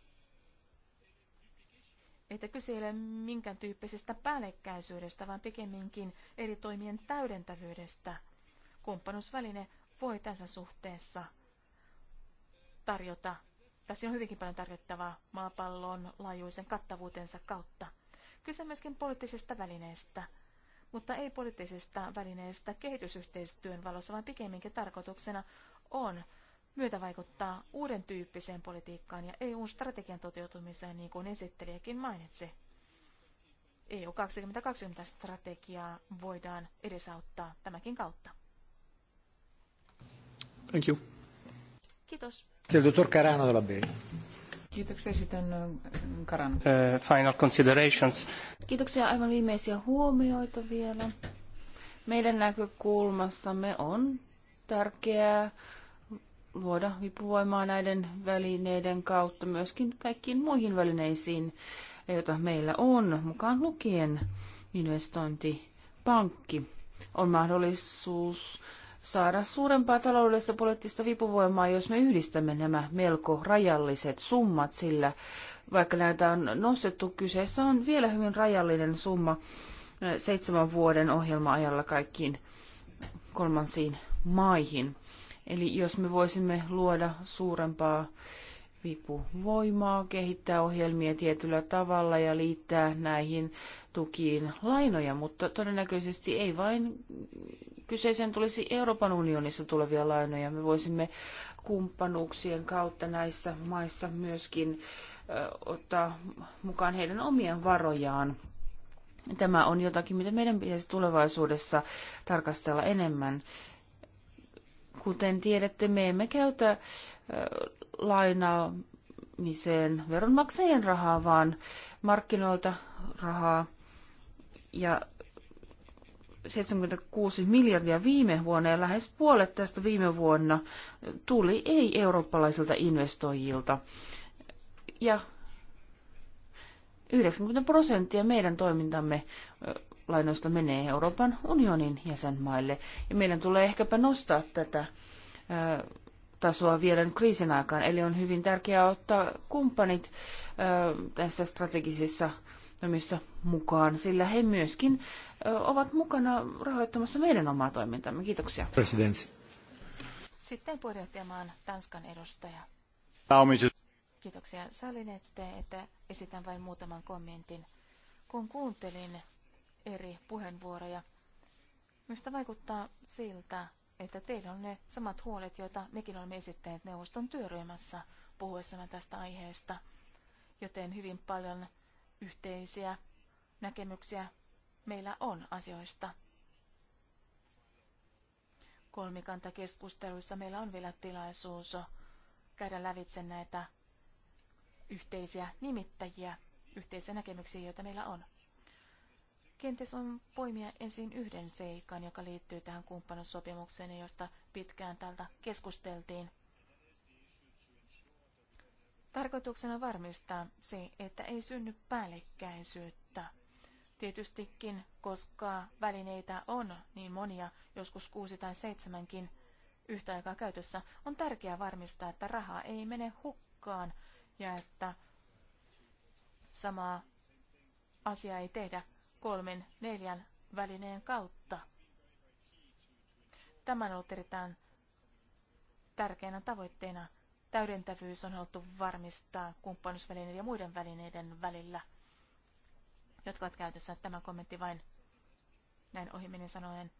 että kyse ei ole minkään tyyppisestä päällekkäisyydestä, vaan pikemminkin eri toimien täydentävyydestä. Kumppanuusväline voi tässä suhteessa tarjota, tässä on hyvinkin paljon tarjottavaa maapallon laajuisen kattavuutensa kautta. Kyse myöskin poliittisesta välineestä, mutta ei poliittisesta välineestä kehitysyhteistyön valossa, vaan pikemminkin tarkoituksena on myötävaikuttaa uuden tyyppiseen politiikkaan ja EU-strategian toteutumiseen, niin kuin esittelijäkin mainitsi. EU 2020-strategiaa voidaan edesauttaa tämäkin kautta. Thank you. Kiitos. Dr. Carano della BEI. Kiitoksia sitten Karan. Äh, uh, äh, final considerations. Kiitoksia aivan viimeisiä huomioita vielä. Meidän näkökulmassamme on tärkeää luoda vipuvoimaa näiden välineiden kautta myöskin kaikkiin muihin välineisiin, joita meillä on, mukaan lukien investointipankki. On mahdollisuus saada suurempaa taloudellista poliittista vipuvoimaa, jos me yhdistämme nämä melko rajalliset summat, sillä vaikka näitä on nostettu, kyseessä on vielä hyvin rajallinen summa eh, seitsemän vuoden ohjelma-ajalla kaikkiin kolmansiin maihin. Eli jos me voisimme luoda suurempaa vipuvoimaa, kehittää ohjelmia tietyllä tavalla ja liittää näihin tukiin lainoja, mutta todennäköisesti ei vain kyseeseen tulisi Euroopan unionissa tulevia lainoja. Me voisimme kumppanuuksien kautta näissä maissa myöskin ottaa mukaan heidän omia varojaan. Tämä on jotakin, mitä meidän pitäisi tulevaisuudessa tarkastella enemmän. Kuten tiedätte, me emme käytä lainaamiseen veronmaksajien rahaa, vaan markkinoilta rahaa. Ja 76 miljardia viime vuonna ja lähes puolet tästä viime vuonna tuli ei-eurooppalaisilta investoijilta. Ja 90 prosenttia meidän toimintamme lainoista menee Euroopan unionin jäsenmaille. Ja meidän tulee ehkäpä nostaa tätä tasoa vielä nyt kriisin aikaan. Eli on hyvin tärkeää ottaa kumppanit tässä strategisissa toimissa mukaan, sillä he myöskin ovat mukana rahoittamassa meidän omaa toimintamme. Kiitoksia. Presidentti. Sitten puheenjohtajamaan Tanskan edustaja. Kiitoksia. Sallin, että, että esitän vain muutaman kommentin. Kun kuuntelin eri puheenvuoroja, mistä vaikuttaa siltä, että teillä on ne samat huolet, joita mekin olemme esittäneet neuvoston työryhmässä puhuessamme tästä aiheesta. Joten hyvin paljon yhteisiä näkemyksiä meillä on asioista. Kolmikantakeskusteluissa meillä on vielä tilaisuus käydä lävitse näitä yhteisiä nimittäjiä, yhteisiä näkemyksiä, joita meillä on. Kenties on poimia ensin yhden seikan, joka liittyy tähän kumppanussopimukseen, josta pitkään tältä keskusteltiin. Tarkoituksena varmistaa se, että ei synny päällekkäisyyttä Tietystikin, koska välineitä on niin monia, joskus kuusi tai seitsemänkin yhtä aikaa käytössä, on tärkeää varmistaa, että raha ei mene hukkaan ja että samaa asiaa ei tehdä kolmen, neljän välineen kautta. Tämä on ollut erittäin tärkeänä tavoitteena. Täydentävyys on haluttu varmistaa kumppanuusvälineiden ja muiden välineiden välillä – jotka ovat käytössä. Tämä kommentti vain näin ohiminen sanoen.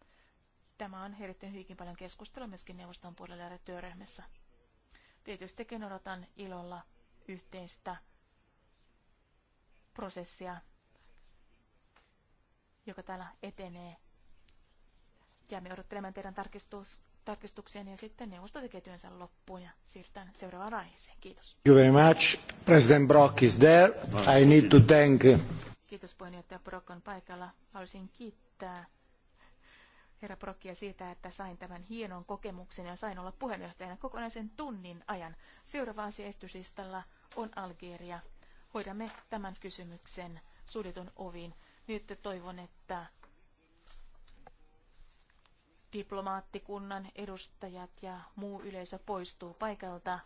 Tämä on herättänyt hyvinkin paljon keskustelua myöskin neuvoston puolella ja työryhmässä. Tietystikin odotan ilolla yhteistä prosessia, joka täällä etenee. Jäämme odottelemaan teidän tarkistus, tarkistukseen ja sitten neuvosto tekee työnsä loppuun ja siirrytään seuraavaan aiheeseen. Kiitos. Thank you very much. President Brock is there. I need to thank Kiitos puheenjohtaja Brock on paikalla. Haluaisin kiittää herra Brockia siitä, että sain tämän hienon kokemuksen ja sain olla puheenjohtajana kokonaisen tunnin ajan. Seuraava asia on Algeria. Hoidamme tämän kysymyksen suljetun ovin. Nyt toivon, että diplomaattikunnan edustajat ja muu yleisö poistuu paikalta.